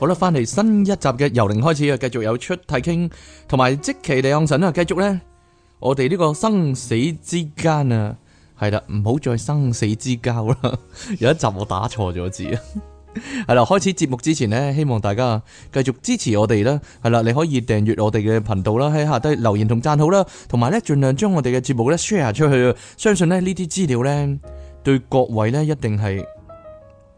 好啦，翻嚟新一集嘅由零開始啊，繼續有出題傾，同埋即其地暗神啊，繼續咧，我哋呢個生死之間啊，係啦，唔好再生死之交啦。 有一集我打錯咗字啊，係 啦，開始節目之前呢，希望大家繼續支持我哋啦，係啦，你可以訂閱我哋嘅頻道啦，喺下低留言同讚好啦，同埋咧盡量將我哋嘅節目咧 share 出去啊，相信咧呢啲資料咧對各位咧一定係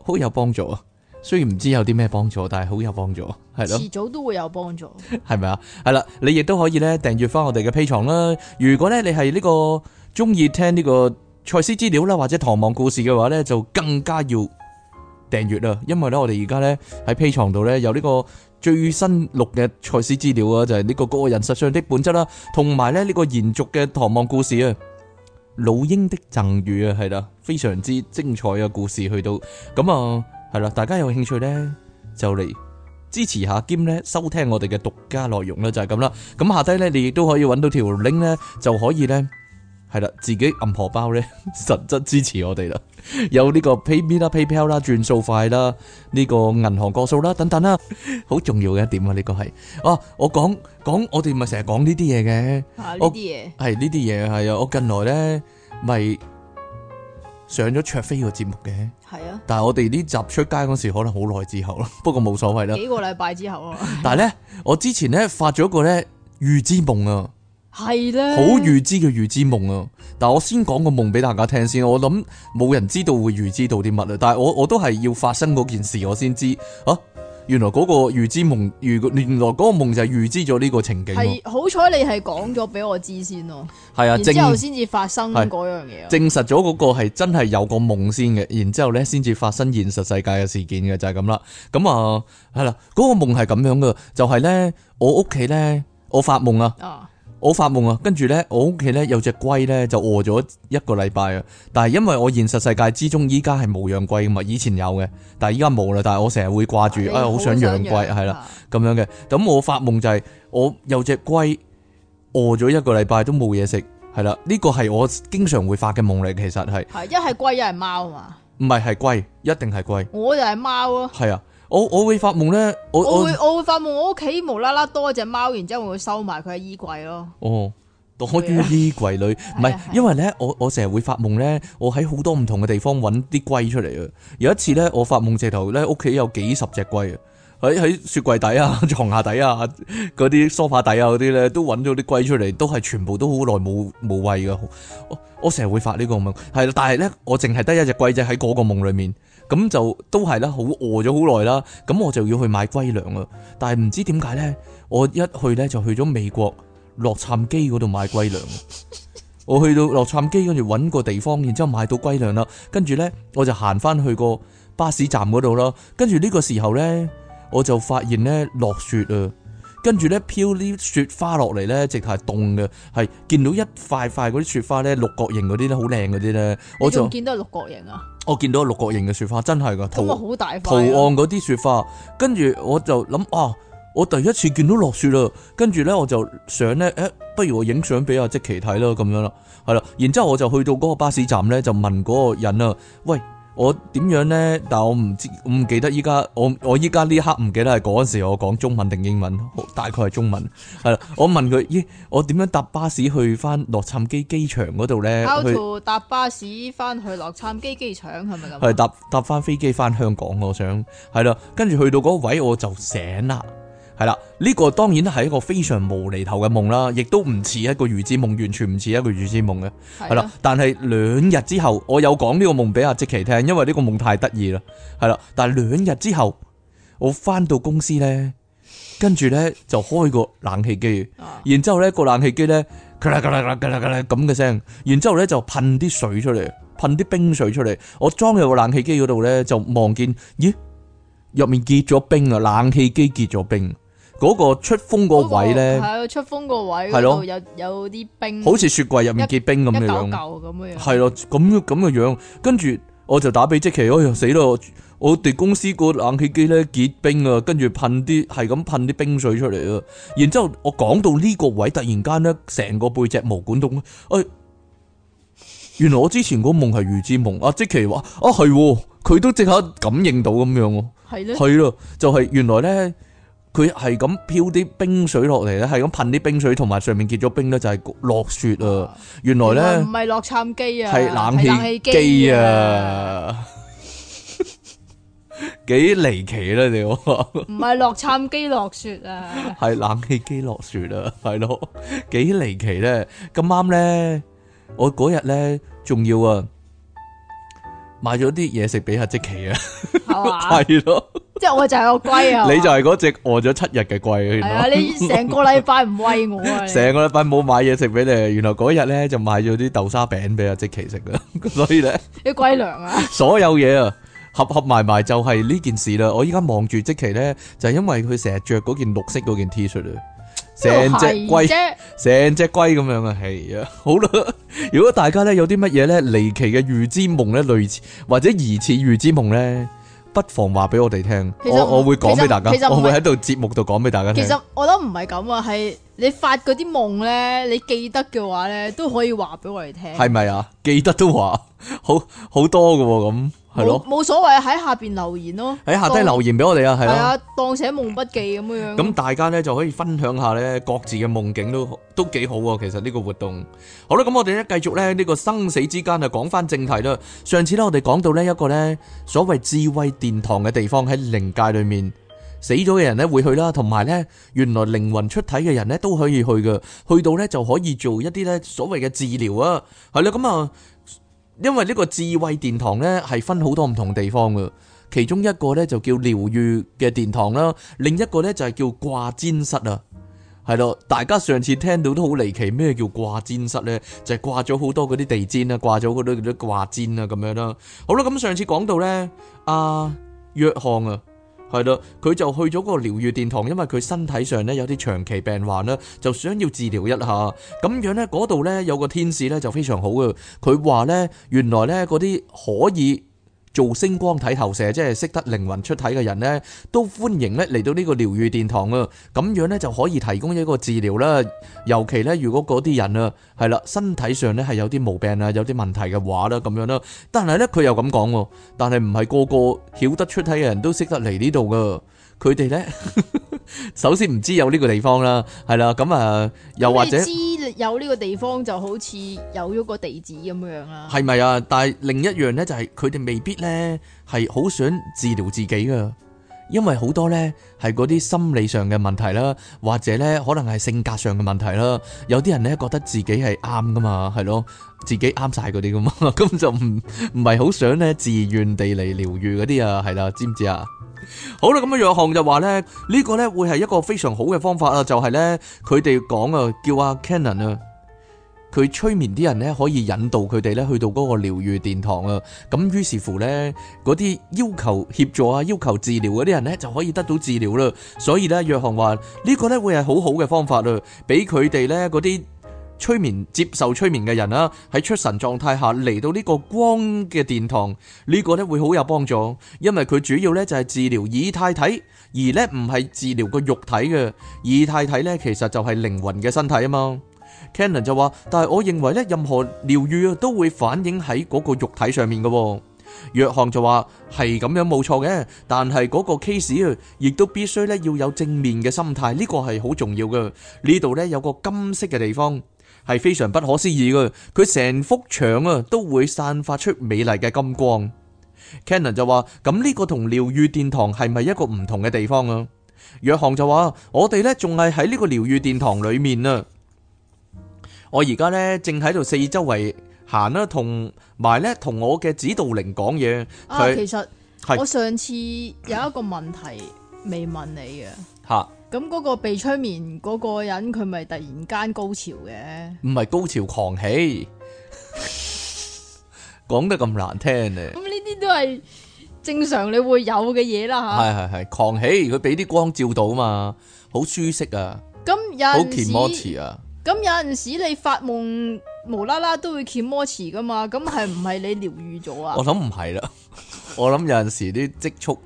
好有幫助啊！雖然唔知有啲咩幫助，但係好有幫助，係咯。遲早都會有幫助，係咪啊？係啦，你亦都可以咧訂閱翻我哋嘅 P 牀啦。如果咧你係呢、這個中意聽呢個賽詩資料啦，或者唐望故事嘅話咧，就更加要訂閱啦。因為咧，我哋而家咧喺 P 牀度咧有呢個最新六日賽詩資料啊，就係、是、呢個個人實相的本質啦，同埋咧呢個延續嘅唐望故事啊，老鷹的贈語啊，係啦，非常之精彩嘅故事去到咁啊。係啦，大家有興趣咧，就嚟支持下兼咧收聽我哋嘅獨家內容啦，就係咁啦。咁下低咧，你亦都可以揾到條 link 咧，就可以咧係啦，自己撳荷包咧實質支持我哋啦。 有呢個 PayMe 啦、PayPal、這、啦、個、轉數快啦、呢個銀行個數啦等等啦，好 重要嘅一點啊！呢、這個係啊，我講講我哋咪成日講呢啲嘢嘅，呢啲嘢係呢啲嘢係啊我！我近來咧咪上咗卓飛個節目嘅。係啊，但係我哋呢集出街嗰時可能好耐之後咯，不過冇所謂啦。幾個禮拜之後啊，但係咧，我之前咧發咗個咧預知夢啊，係咧的，好預知嘅預知夢啊，但我先講個夢俾大家聽先，我諗冇人知道會預知到啲乜啊，但係我我都係要發生嗰件事我先知啊。原來嗰個預知夢，如原來嗰個夢就係預知咗呢個情景，係好彩你係講咗俾我知先咯。係啊，之後先至發生嗰、啊、樣嘢，證實咗嗰個係真係有個夢先嘅，然之後咧先至發生現實世界嘅事件嘅就係咁啦。咁、嗯、啊係啦，嗰、啊嗰個夢係咁樣嘅，就係、係、咧我屋企咧我發夢啊。我發夢啊，跟住咧，我屋企咧有隻龜咧就餓咗一個禮拜啊，但係因為我現實世界之中依家係冇養龜噶嘛，以前有嘅，但係依家冇啦，但係我成日會掛住，啊好想養龜係啦咁樣嘅，咁我發夢就係我有隻龜餓咗一個禮拜都冇嘢食，係啦，呢個係我經常會發嘅夢嚟，其實係係一係龜一係貓啊嘛，唔係係龜一定係龜，我就係貓啊，係啊。我我會發夢咧，我，我會我，我會發夢，我屋企無啦啦多隻貓，然之後會收埋佢喺衣櫃咯。哦，躲於衣櫃裏，唔係 是 因為咧，我我成日會發夢咧，我喺好多唔同嘅地方揾啲龜出嚟啊！有一次咧，我發夢直頭咧，屋企有幾十隻龜啊，喺喺雪櫃底啊、床下底啊、嗰啲梳化底啊嗰啲咧，都揾咗啲龜出嚟，都係全部都好耐冇冇餵噶。我我成日會發呢個夢，係，但係咧，我淨係得一隻龜仔喺嗰個夢裏面。咁就都係啦，好餓咗好耐啦，咁我就要去買龜糧啊。但係唔知點解呢，我一去呢，就去咗美國洛杉磯嗰度買龜糧。我去到洛杉磯跟住搵個地方，然之後買到龜糧啦，跟住呢，我就行翻去個巴士站嗰度啦。跟住呢個時候呢，我就發現呢，落雪啊，跟住呢，飄啲雪花落嚟呢，直頭係凍嘅，係見到一塊塊嗰啲雪花呢，六角形嗰啲呢，好靚嗰啲呢。你還我就見到六角形啊。我見到六角形嘅雪花，真係噶圖案嗰啲雪花，跟住、啊、我就諗啊，我第一次見到落雪啦。跟住咧，我就想咧，誒，不如我影相俾阿積奇睇啦，咁樣啦，係啦。然之後我就去到嗰個巴士站咧，就問嗰個人啊，喂，我點樣咧？但係我唔知，我唔記得依家我我依家呢刻唔記得係嗰陣時我講中文定英文，大概係中文係啦。 我問佢：咦、欸，我點樣搭巴士去翻洛杉磯機場嗰度咧？搭去巴士翻去洛杉磯機場係咪咁？係搭搭翻飛機翻香港我想係啦，跟住去到嗰位我就醒啦。係啦，呢個當然係一個非常無厘頭嘅夢啦，亦都唔似一個預知夢，完全唔似一個預知夢嘅，係啦。但係兩日之後，我有講呢個夢俾阿即琪聽，因為呢個夢太得意啦，係啦。但係兩日之後，我翻到公司咧，跟住咧就開個冷氣機、啊，然之後咧個冷氣機咧，咁嘅聲，然之後咧就噴啲水出嚟，噴啲冰水出嚟。我裝入個冷氣機嗰度咧，就望見咦，入面結咗冰啊！冷氣機結咗冰。嗰個出風個位咧，係出風個位，係咯，有有啲冰，好似雪櫃入面結冰咁樣樣，一嚿嚿咁樣樣。係咯，咁咁嘅樣，跟住我就打俾即琪，哎呀死咯，我哋公司個冷氣機咧結冰啊，跟住噴啲係咁噴啲冰水出嚟啊，然之後我講到呢個位，突然間咧成個背脊毛管戙，誒，原來我之前個夢係預知夢啊，即琪話，啊係，佢都即刻感應到咁樣，係咧，係咯，就係原來咧。佢係咁飄啲冰水落嚟咧，係咁噴啲冰水，同埋上面結咗冰咧，就係、是、落雪啊！原來咧唔係洛杉磯啊，係冷氣機啊，幾離奇啦屌！唔係洛杉磯落雪啊，係冷氣機落雪啊，係咯，幾離奇咧！咁啱咧，我嗰日咧仲要啊，買咗啲嘢食俾阿積奇啊，係咯吧。 即係我就係個龜啊！你就係嗰隻餓咗七日嘅龜。係啊，你成個禮拜唔喂我啊！成個禮拜冇買嘢食俾你，原來嗰日咧就買咗啲豆沙餅俾阿即奇食啦。所以咧，啲龜糧啊！所有嘢啊，合合埋埋就係呢件事啦。我依家望住即奇咧，就係因為佢成日着嗰件綠色嗰件 T 恤啊，成隻龜，成隻龜咁樣啊，係啊，好啦。如果大家咧有啲乜嘢咧離奇嘅預知夢咧類似或者疑似預知夢咧？不妨話俾我哋聽，我我會講俾大家，我會喺度節目度講俾大家聽。其實我覺得唔係咁啊，係你發嗰啲夢咧，你記得嘅話咧，都可以話俾我哋聽。係咪啊？記得都話，好好多嘅咁、啊。係咯，冇所謂喺下邊留言咯，喺下低留言俾我哋啊，係啊，當寫夢筆記咁樣。咁大家咧就可以分享下咧，各自嘅夢境都都幾好啊。其實呢個活動，好啦，咁我哋咧繼續咧呢個生死之間啊，講翻正題啦。上次咧我哋講到咧一個咧所謂智慧殿堂嘅地方喺靈界裏面，死咗嘅人咧會去啦，同埋咧原來靈魂出體嘅人咧都可以去嘅，去到咧就可以做一啲咧所謂嘅治療啊。係啦，咁啊。因為呢個智慧殿堂呢，係分好多唔同地方嘅，其中一個呢，就叫療愈嘅殿堂啦，另一個呢，就係叫掛氈室啊，係咯，大家上次聽到都好離奇，咩叫掛氈室呢？就係掛咗好多嗰啲地氈啊，掛咗好多嗰啲掛氈啊，咁樣啦。好啦，咁上次講到呢，阿約翰啊。係咯，佢就去咗嗰個療愈殿堂，因為佢身體上咧有啲長期病患啦，就想要治療一下。咁樣咧，嗰度咧有個天使咧就非常好嘅，佢話咧原來咧嗰啲可以。做星光體投射，即係識得靈魂出體嘅人咧，都歡迎咧嚟到呢個療愈殿堂啊！咁樣咧就可以提供一個治療啦。尤其咧，如果嗰啲人啊，係啦，身體上咧係有啲毛病啊，有啲問題嘅話啦，咁樣啦。但係咧，佢又咁講，但係唔係個個曉得出體嘅人都識得嚟呢度噶，佢哋咧。首先唔知有呢個地方啦，係啦，咁、嗯、啊，又或者知有呢個地方就好似有咗個地址咁樣樣啦。係咪啊？但係另一樣呢，就係佢哋未必呢係好想治療自己噶，因為好多呢係嗰啲心理上嘅問題啦，或者呢可能係性格上嘅問題啦。有啲人呢覺得自己係啱噶嘛，係咯，自己啱晒嗰啲噶嘛，咁就唔唔係好想呢自願地嚟療愈嗰啲啊，係啦，知唔知啊？ 好啦，咁啊，約翰就話咧，呢個咧會係一個非常好嘅方法啦，就係呢，佢哋講啊，叫阿 Cannon 啊，佢催眠啲人呢可以引導佢哋咧去到嗰個療愈殿堂啊，咁於是乎呢，嗰啲要求協助啊，要求治療嗰啲人呢就可以得到治療啦，所以呢，約翰話呢個咧會係好好嘅方法啦，俾佢哋呢嗰啲。催眠接受催眠嘅人啊，喺出神狀態下嚟到呢個光嘅殿堂，呢個呢會好有幫助，因為佢主要呢就係治療以太體，而呢唔係治療個肉體嘅。以太體呢，其實就係靈魂嘅身體啊嘛。Cannon 就話：但係我認為呢，任何療愈啊都會反映喺嗰個肉體上面嘅。約翰就話：係咁樣冇錯嘅，但係嗰個 case 啊，亦都必須呢要有正面嘅心態，呢個係好重要嘅。呢度呢，有個金色嘅地方。係非常不可思議嘅，佢成幅牆啊都會散發出美麗嘅金光。Cannon 就話：咁呢個同療愈殿堂係咪一個唔同嘅地方啊？約翰就話：我哋呢仲係喺呢個療愈殿堂裏面啊。我而家呢正喺度四周圍行啦，同埋呢同我嘅指導靈講嘢。啊，其實我上次有一個問題未問你嘅。吓是。 咁嗰個被催眠嗰個人，佢咪突然間高潮嘅？唔係高潮狂喜，講得咁難聽咧。咁呢啲都係正常你會有嘅嘢啦，吓。係係係狂喜，佢俾啲光照到嘛，好舒適啊。咁有，咁有陣時你發夢無啦啦都會揭魔池噶嘛？咁係唔係你療愈咗啊？我諗唔係啦，我諗有陣時啲積蓄。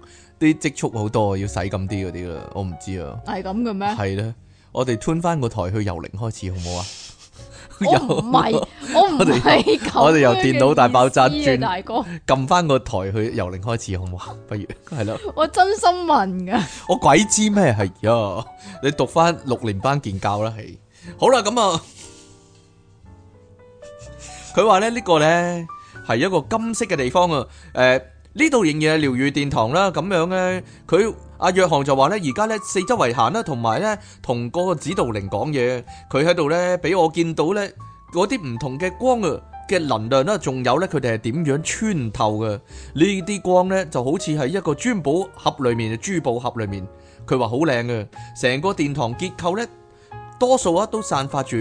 啲積蓄好多，要使咁啲嗰啲啦，我唔知啊。係咁嘅咩？係咧，我哋 turn 翻個台去由零開始，好唔好啊？又唔係，我唔係 我哋有由電腦大爆炸轉，大哥，撳翻個台去由零開始，好唔好？不如係咯。我真心問噶。 我鬼知咩係啊？你讀翻六年班見教啦，係。好啦，咁啊，佢話咧呢、呢個咧係一個金色嘅地方啊，誒、呃。呢度仍然係療愈殿堂啦，咁樣呢，佢阿約翰就話呢，而家呢，四周圍行啦，同埋呢，同個指導靈講嘢，佢喺度呢，俾我見到呢，嗰啲唔同嘅光啊嘅能量啦，仲有呢，佢哋係點樣穿透嘅呢啲光呢，就好似係一個珠寶盒裏面嘅珠寶盒裏面，佢話好靚啊，成個殿堂結構呢，多數啊都散發住。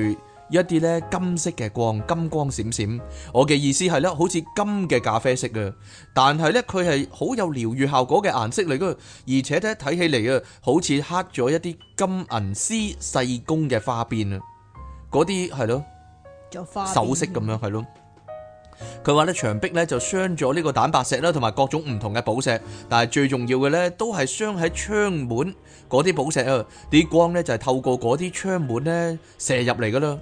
一啲咧金色嘅光，金光閃閃。我嘅意思係咧，好似金嘅咖啡色啊。但係咧，佢係好有療愈效果嘅顏色嚟噶。而且咧，睇起嚟啊，好似黑咗一啲金銀絲細工嘅花邊啊。嗰啲係咯，花首飾咁樣係咯。佢話咧，牆壁咧就鑲咗呢個蛋白石啦，同埋各種唔同嘅寶石。但係最重要嘅咧，都係鑲喺窗門嗰啲寶石啊。啲光咧就係透過嗰啲窗門咧射入嚟噶啦。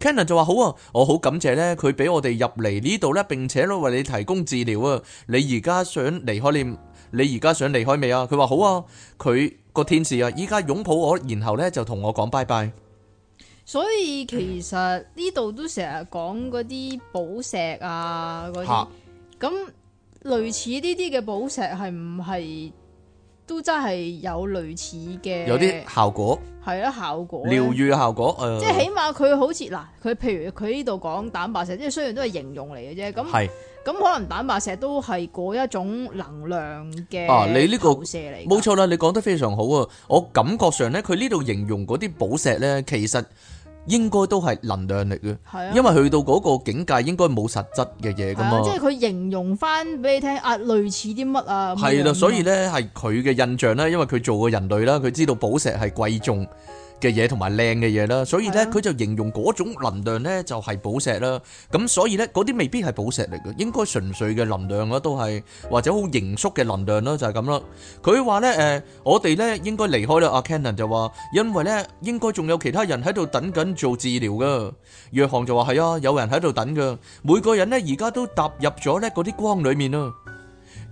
Kenner 就話好啊，我好感謝咧，佢俾我哋入嚟呢度咧，並且咧為你提供治療啊！你而家想離開你，你而家想離開未啊？佢話好啊，佢個天使啊，依家擁抱我，然後咧就同我講拜拜。所以其實呢度都成日講嗰啲寶石啊，嗰啲咁類似呢啲嘅寶石係唔係？都真係有類似嘅，有啲效果。係啊，效果療愈嘅效果。誒、呃，即係起碼佢好似嗱，佢譬如佢呢度講蛋白石，即係雖然都係形容嚟嘅啫。咁是，咁可能蛋白石都係嗰一種能量嘅投射嚟。冇錯啦，你講、這個、得非常好啊！我感覺上咧，佢呢度形容嗰啲寶石咧，其實。應該都係能量嚟嘅，啊、因為去到嗰個境界應該冇實質嘅嘢咁啊！即係佢形容翻俾你聽啊，類似啲乜啊？係啦、啊，所以呢係佢嘅印象咧，因為佢做過人類啦，佢知道寶石係貴重。嘅嘢同埋靚嘅嘢啦，所以咧佢就形容嗰種能量咧就係寶石啦，咁所以咧嗰啲未必係寶石嚟嘅，應該純粹嘅能量咯，都係或者好凝縮嘅能量咯，就係咁啦。佢話咧誒，我哋咧應該離開啦。阿 Canon 就話，因為咧應該仲有其他人喺度等緊做治療噶。約翰就話係啊，有人喺度等噶，每個人咧而家都踏入咗咧嗰啲光裡面啊。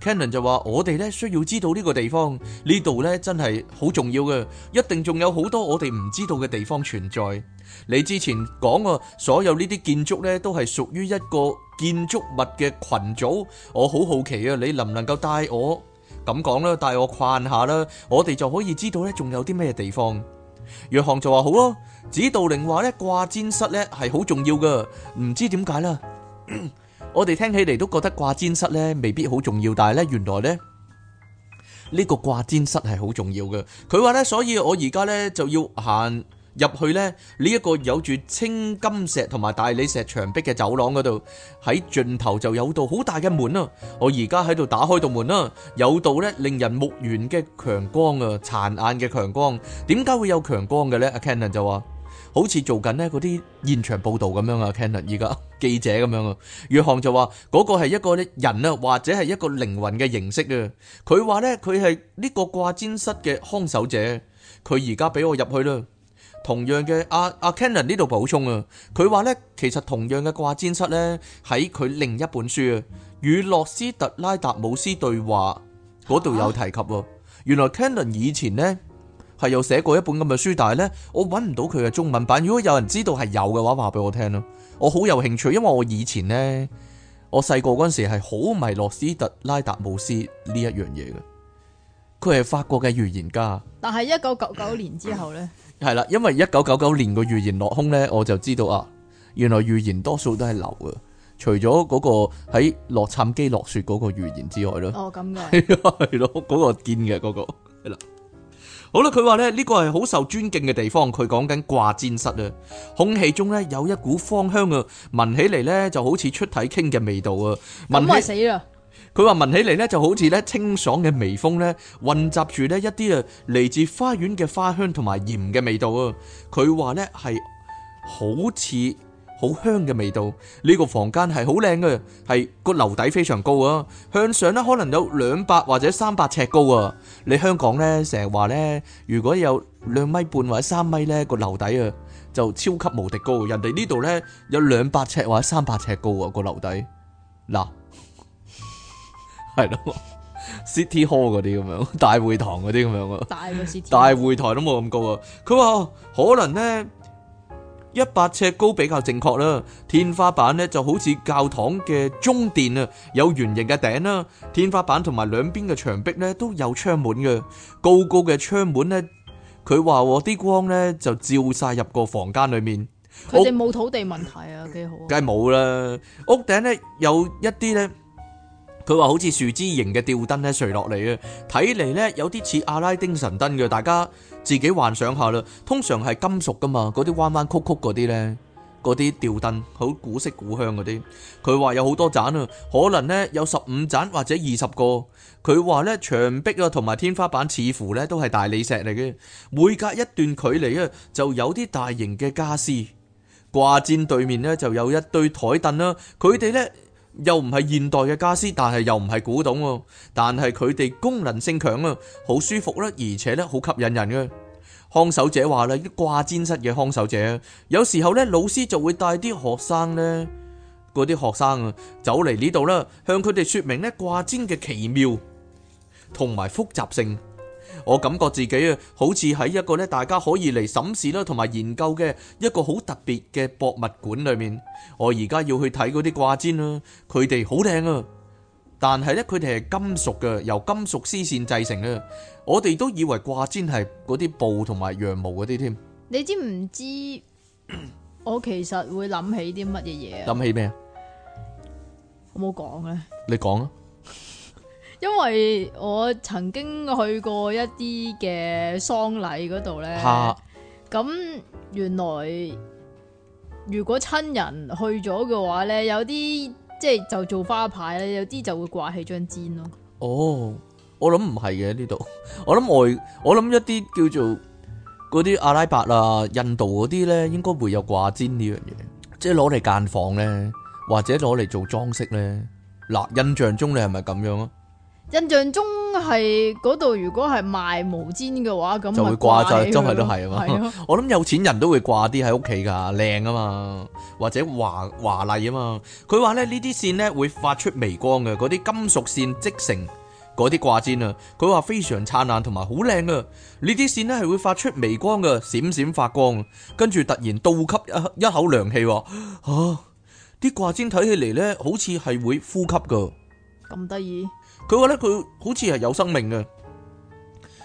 Kenon 就話：我哋咧需要知道呢個地方，呢度咧真係好重要嘅，一定仲有好多我哋唔知道嘅地方存在。你之前講啊，所有呢啲建築咧都係屬於一個建築物嘅群組，我好好奇啊，你能唔能夠帶我咁講啦，帶我逛下啦，我哋就可以知道咧仲有啲咩地方。約翰就話好咯，指導靈話咧掛氈室咧係好重要嘅，唔知點解啦。我哋聽起嚟都覺得掛氈室咧未必好重要，但係咧原來咧呢個掛氈室係好重要嘅。佢話咧，所以我而家咧就要行入去咧呢一個有住青金石同埋大理石牆壁嘅走廊嗰度，喺盡頭就有道好大嘅門啦。我而家喺度打開道門啦，有道咧令人目眩嘅強光啊，殘眼嘅強光。點解會有強光嘅咧？a Ken 就話。好似做緊呢嗰啲現場報導咁樣啊 Cannon 而家記者咁樣啊。宇航就話嗰、嗰個係一個人啊，或者係一個靈魂嘅形式啊。佢話呢，佢係呢個掛氈室嘅看守者，佢而家俾我入去啦。同樣嘅阿阿 Cannon 呢度補充啊，佢話呢，其實同樣嘅掛氈室呢，喺佢另一本書啊，與洛斯特拉達姆斯對話嗰度有提及喎。原來 Cannon 以前呢。係有寫過一本咁嘅書，但係呢，我揾唔到佢嘅中文版。如果有人知道係有嘅話，話俾我聽咯。我好有興趣，因為我以前呢，我細個嗰陣時係好迷洛斯特拉達姆斯呢一樣嘢嘅。佢係法國嘅預言家。但係一九九九年之後呢，係啦， 因為一九九九年嘅預言落空呢，我就知道啊，原來預言多數都係流嘅，除咗嗰個喺洛杉磯落雪嗰個預言之外咯。哦，咁嘅係咯，嗰、 嗰個癲嘅嗰個係啦。好啦，佢話咧呢個係好受尊敬嘅地方，佢講緊掛氈室啊，空氣中呢有一股芳香啊，聞起嚟呢就好似出體傾嘅味道啊，聞起死啦！佢話聞起嚟呢就好似咧清爽嘅微風呢，混雜住呢一啲啊嚟自花園嘅花香同埋鹽嘅味道啊，佢話呢係好似。好香嘅味道，呢個房間係好靚嘅，係個樓底非常高啊，向上咧可能有兩百或者三百尺高啊！你香港咧成日話咧，如果有兩米半或者三米咧個樓底啊，就超級無敵高，人哋呢度咧有兩百尺或者三百尺高啊個樓底，嗱，係咯，City Hall 嗰啲咁樣，大會堂嗰啲咁樣啊，大會堂都冇咁高啊！佢話可能咧。一百尺高比較正確啦，天花板咧就好似教堂嘅中殿啊，有圓形嘅頂啦，天花板同埋兩邊嘅牆壁咧都有窗門嘅，高高嘅窗門咧，佢話喎，啲光咧就照晒入個房間裏面。佢哋冇土地問題啊，幾好啊，梗係冇啦。屋頂咧有一啲咧。佢話好似樹枝形嘅吊燈咧垂落嚟啊，睇嚟呢，有啲似阿拉丁神燈嘅，大家自己幻想下啦。通常係金屬噶嘛，嗰啲彎彎曲曲嗰啲呢。嗰啲吊燈好古色古香嗰啲。佢話有好多盞啊，可能呢，有十五盞或者二十個。佢話呢，牆壁啊同埋天花板似乎呢都係大理石嚟嘅，每隔一段距離啊就有啲大型嘅傢俬。掛氈對面呢，就有一堆台凳啦，佢哋呢。又唔係現代嘅家私，但係又唔係古董，但係佢哋功能性強啊，好舒服啦，而且咧好吸引人嘅。看守者話咧，啲掛氈室嘅看守者，有時候咧老師就會帶啲學生咧，嗰啲學生啊，走嚟呢度啦，向佢哋說明咧掛氈嘅奇妙同埋複雜性。我感覺自己啊，好似喺一個咧大家可以嚟審視啦，同埋研究嘅一個好特別嘅博物館裏面。我而家要去睇嗰啲掛氈啦，佢哋好靚啊！但係咧，佢哋係金屬嘅，由金屬絲線製成啦。我哋都以為掛氈係嗰啲布同埋羊毛嗰啲添。你知唔知？我其實會諗起啲乜嘢嘢啊？諗起咩啊？我冇講咧。你講啊！因為我曾經去過一啲嘅喪禮嗰度咧，咁、啊、原來如果親人去咗嘅話咧，有啲即係就做花牌咧，有啲就會掛起張氈咯。哦，我諗唔係嘅呢度，我諗外我諗一啲叫做嗰啲阿拉伯啊、印度嗰啲咧，應該會有掛氈呢樣嘢，即係攞嚟間房咧，或者攞嚟做裝飾咧。嗱，印象中你係咪咁樣啊？印象中係嗰度，如果係賣毛氈嘅話，咁就，就會掛晒，真係都係啊嘛！ 我諗有錢人都會掛啲喺屋企噶，靚啊嘛，或者華華麗啊嘛。佢話咧呢啲線咧會發出微光嘅，嗰啲金屬線織成嗰啲掛氈啊。佢話非常燦爛同埋好靚啊！呢啲線咧係會發出微光嘅，閃閃發光。跟住突然倒吸一一口涼氣，吓、啊！啲掛氈睇起嚟，咧好似係會呼吸噶，咁得意。佢話咧佢好似係有生命嘅，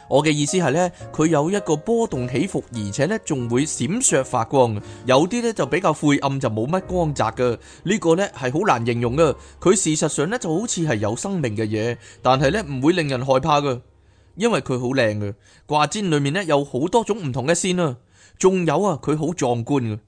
我嘅意思係咧，佢有一個波動起伏，而且咧仲會閃爍發光嘅，有啲咧就比較晦暗就冇乜光澤嘅，呢、呢個咧係好難形容嘅，佢事實上咧就好似係有生命嘅嘢，但係咧唔會令人害怕嘅，因為佢好靚嘅，掛氈裏面咧有好多種唔同嘅綫啊，仲有啊佢好壯觀嘅。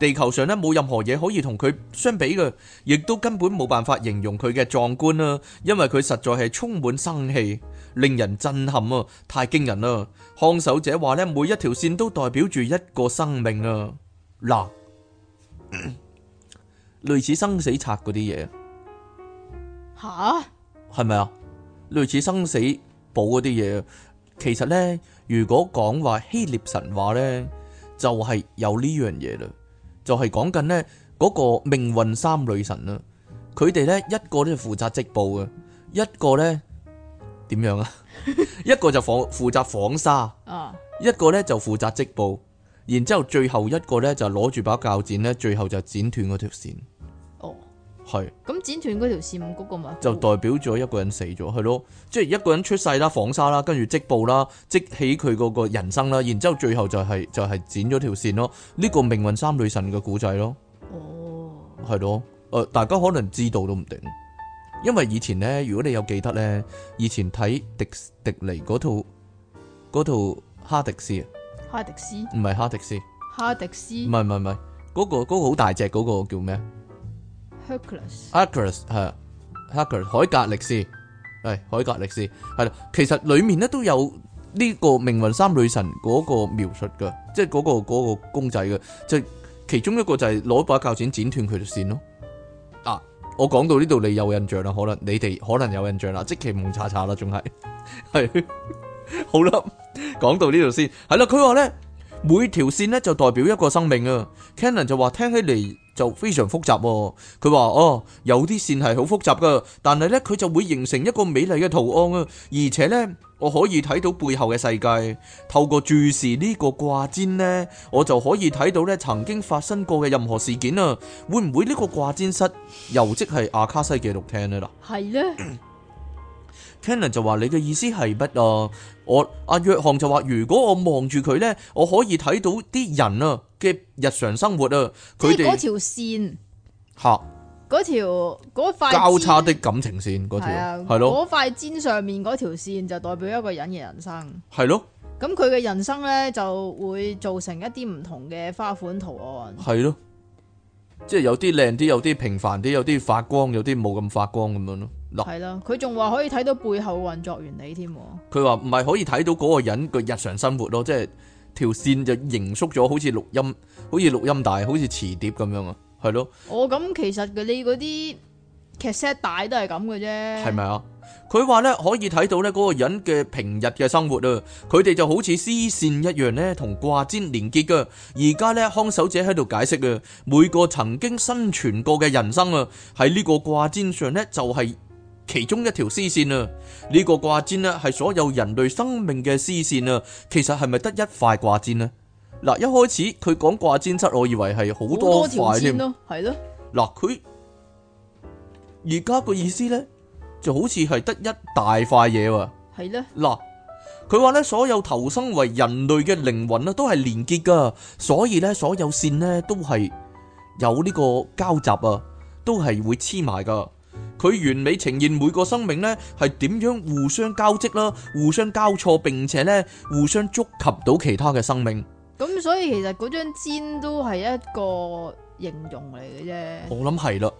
地球上咧冇任何嘢可以同佢相比嘅，亦都根本冇辦法形容佢嘅壯觀啦。因為佢實在係充滿生氣，令人震撼啊！太驚人啦！看守者話咧，每一條線都代表住一個生命啊。嗱，類似生死冊嗰啲嘢吓，係咪啊？類似生死簿嗰啲嘢，其實咧，如果講話希臘神話咧，就係有呢樣嘢啦。就係講緊呢嗰個命運三女神啦，佢哋呢一個呢負責織布嘅，一個呢點樣啊？一個就紡負責紡紗，一個呢就負責織布，然之後最後一個呢就攞住把鉸剪呢，最後就剪斷嗰條線。係咁剪斷嗰條線唔焗噶嘛？就代表咗一個人死咗，係咯，即係一個人出世啦，紡紗啦，跟住織布啦，織起佢嗰個人生啦，然之後最後就係、是、就係、是、剪咗條線咯，呢、這個命運三女神嘅古仔咯。哦，係咯，誒、呃，大家可能知道都唔定，因為以前咧，如果你有記得咧，以前睇迪迪尼嗰套嗰套哈迪斯，哈迪斯唔係哈迪斯，哈迪斯唔係唔係唔係，嗰、那個、那個好大隻嗰、那個那個叫咩？赫克勒斯，赫克勒斯係赫克勒斯，海格力士係海格力士係，其實裏面咧都有呢個命運三女神嗰個描述嘅，即係嗰個嗰個公仔嘅，就其中一個就係攞把鉸剪剪斷佢條線咯。啊，我講到呢度你有印象啦，可能你哋可能有印象啦，即奇蒙查查啦，仲係係好啦，講到呢度先，係啦，佢話咧。每條線呢，就代表一個生命啊，Cannon 就話聽起嚟就非常複雜啊，佢話哦有啲線係好複雜噶，但係呢，佢就會形成一個美麗嘅圖案啊，而且呢，我可以睇到背後嘅世界，透過注視呢個掛氈呢，我就可以睇到呢曾經發生過嘅任何事件啊，會唔會呢個掛氈室又即係阿卡西嘅記錄廳咧啦？係咧的 ，Cannon 就話你嘅意思係乜啊？我阿、啊、約翰就話，如果我望住佢呢，我可以睇到啲人啊嘅日常生活啊，佢嗰條線吓，嗰條嗰塊交叉的感情線嗰條係咯，嗰塊氈上面嗰條線就代表一個人嘅人生係咯，咁佢嘅人生呢，就會造成一啲唔同嘅花款圖案係咯，即係有啲靚啲，有啲平凡啲，有啲發光，有啲冇咁發光咁樣咯。係咯，佢仲話可以睇到背後運作原理添。佢話唔係可以睇到嗰個人嘅日常生活咯，即係條線就凝縮咗，好似錄音，好似錄音帶，好似磁碟咁樣啊，係咯。我咁其實你嗰啲劇 set 帶都係咁嘅啫，係咪啊？佢話咧可以睇到咧嗰個人嘅平日嘅生活啊，佢哋就好似絲線一樣咧，同掛氈連結噶。而家咧，看守者喺度解釋啊，每個曾經生存過嘅人生啊，喺呢個掛氈上咧就係、是。其中一條絲線啊，呢、這個掛氈咧係所有人類生命嘅絲線啊，其實係咪得一塊掛氈咧、啊？嗱，一開始佢講掛氈室，我以為係好多塊添，係咯、啊。嗱，佢而家個意思呢，就好似係得一大塊嘢喎、啊。係咧的。嗱，佢話呢，所有投生為人類嘅靈魂咧、啊、都係連結噶，所以呢，所有線呢，都係有呢個交集啊，都係會黐埋噶。佢完美呈現每個生命呢係點樣互相交織啦，互相交錯，並且呢互相觸及到其他嘅生命。咁所以其實嗰張氈都係一個形容嚟嘅啫。我諗係啦，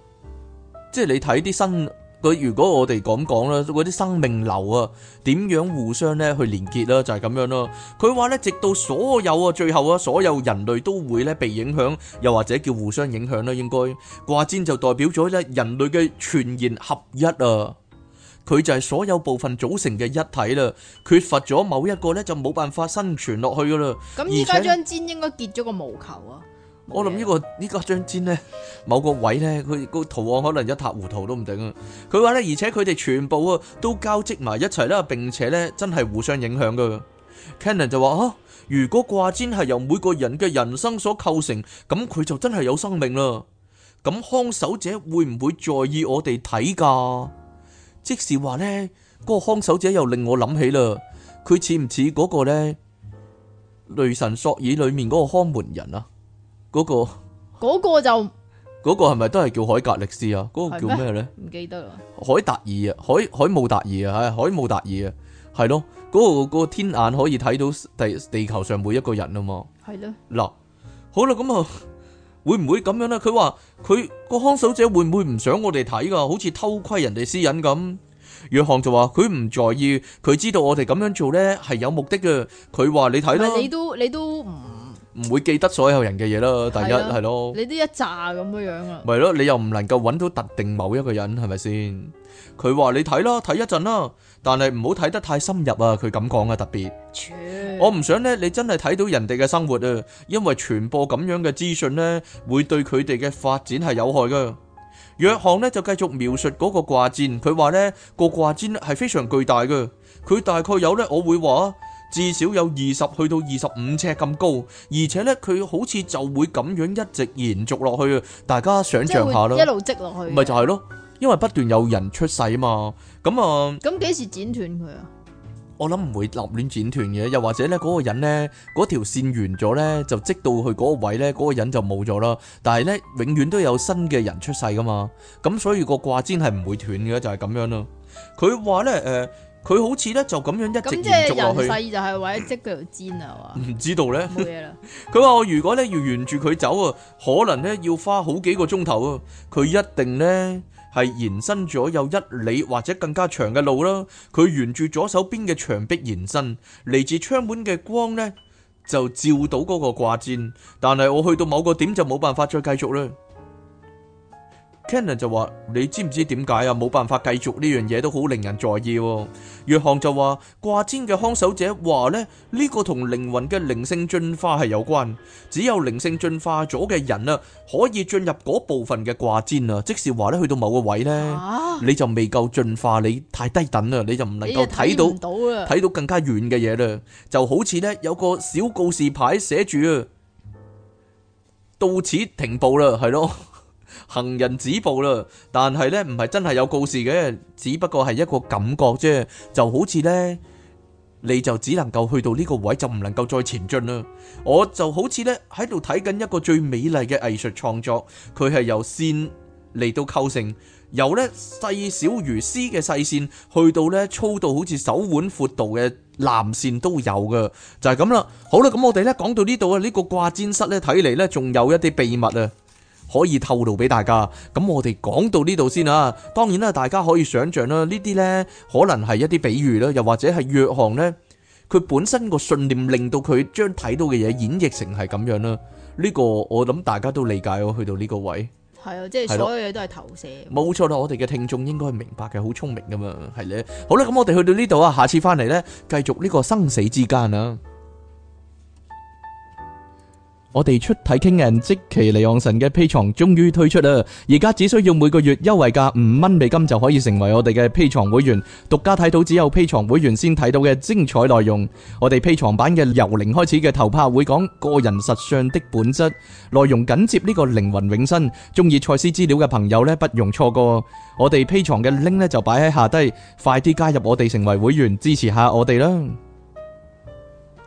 即係你睇啲新。佢如果我哋咁講啦，嗰啲生命流啊，點樣互相咧去連結啦，就係咁樣咯。佢話咧，直到所有啊最後啊，所有人類都會咧被影響，又或者叫互相影響啦。應該掛氈就代表咗咧人類嘅全然合一啊，佢就係所有部分組成嘅一體啦。缺乏咗某一個咧，就冇辦法生存落去噶啦。咁依家張氈應該結咗個毛球啊。我諗呢個呢個張氈咧，某個位咧，佢個圖案可能一塌糊塗都唔定啊。佢話咧，而且佢哋全部啊都交織埋一齊啦，並且咧真係互相影響噶。Cannon 就話啊，如果掛氈係由每個人嘅人生所構成，咁佢就真係有生命啦。咁看守者會唔會在意我哋睇噶？即是話咧，嗰個看守者又令我諗起啦，佢似唔似嗰個咧《雷神索爾》裏面嗰個看門人啊？嗰、那個嗰個就嗰個係咪都係叫海格力斯啊？嗰、那個叫咩咧？唔記得啦。海達爾啊，海達爾、嗯、海姆達爾啊，吓海姆達爾啊，係、那、咯、個。嗰個嗰個天眼可以睇到地地球上每一個人啊嘛。係咯的。嗱，好啦，咁啊，會唔會咁樣咧？佢話佢個看守者會唔會唔想我哋睇噶？好似偷窺人哋私隱咁。約翰就話佢唔在意，佢知道我哋咁樣做咧係有目的嘅。佢話你睇啦，你都你都唔。嗯唔會記得所有人嘅嘢啦，第一係咯，你啲一紮咁樣樣啊，係咯，你又唔能夠揾到特定某一個人，係咪先？佢話你睇啦，睇一陣啦，但係唔好睇得太深入啊。佢咁講啊，特別，我唔想咧，你真係睇到人哋嘅生活啊，因為傳播咁樣嘅資訊咧，會對佢哋嘅發展係有害噶。約翰咧就繼續描述嗰個掛氈，佢話咧個掛氈係非常巨大噶，佢大概有咧，我會話。至少有二十去到二十五尺咁高，而且咧佢好似就會咁樣一直延續落去啊！大家想象下咯，一路積落去，咪就係咯，因為不斷有人出世啊嘛，咁啊，咁幾時剪斷佢啊？我諗唔會立亂剪斷嘅，又或者咧嗰個人咧嗰條線完咗咧，就積到去嗰個位咧，嗰個人就冇咗啦。但係咧，永遠都有新嘅人出世噶嘛，咁所以個掛氈係唔會斷嘅，就係咁樣咯。佢話咧，誒。佢好似咧就咁樣一直延續落去。咁即係人世就係為一隻腳度煎啊？哇！唔知道咧。冇嘢啦。佢話， 我如果咧要沿住佢走啊，可能咧要花好幾個鐘頭啊。佢一定咧係延伸咗有一里或者更加長嘅路啦。佢沿住左手邊嘅牆壁延伸，嚟自窗門嘅光咧就照到嗰個掛氈，但係我去到某個點就冇辦法再繼續啦。Kenon 就話：你知唔知點解啊？冇辦法繼續呢樣嘢都好令人在意。約翰就話：掛氈嘅看守者話咧，呢個同靈魂嘅靈性進化係有關。只有靈性進化咗嘅人啊，可以進入嗰部分嘅掛氈啊。即是話咧，去到某個位咧，你就未夠進化，你太低等啦，你就唔能夠睇到睇到更加遠嘅嘢啦。就好似咧有個小告示牌寫住啊，到此停步啦，係咯。行人止步啦，但係呢唔係真係有告示嘅，只不過係一個感覺啫，就好似呢，你就只能夠去到呢個位，就唔能夠再前進啦。我就好似呢，喺度睇緊一個最美麗嘅藝術創作，佢係由線嚟到構成，由呢細小如絲嘅細線，去到呢粗到好似手腕闊度嘅藍線都有嘅，就係咁啦。好啦，咁我哋呢講到呢度啊，呢個掛氈室呢睇嚟呢仲有一啲秘密啊！可以透露俾大家，咁我哋講到呢度先啊。當然啦，大家可以想象啦，呢啲呢可能係一啲比喻啦，又或者係藥行呢。佢本身個信念令到佢將睇到嘅嘢演繹成係咁樣啦。呢、這個我諗大家都理解咯，去到呢個位係啊，即係、就是、所有嘢都係投射。冇錯啦，我哋嘅聽眾應該明白嘅，好聰明噶嘛，係呢，好啦，咁我哋去到呢度啊，下次翻嚟呢，繼續呢個生死之間啊。我哋出體傾嘅即其利昂神嘅 P 床終於推出啦！而家只需要每個月優惠價五蚊美金就可以成為我哋嘅 P 床會員，獨家睇到只有 P 床會員先睇到嘅精彩內容。我哋 P 床版嘅由零開始嘅頭拍會講個人實相的本質內容，緊接呢個靈魂永生。中意蔡司資料嘅朋友呢，不容錯過。我哋 P 床嘅拎呢，就擺喺下低，快啲加入我哋成為會員，支持下我哋啦！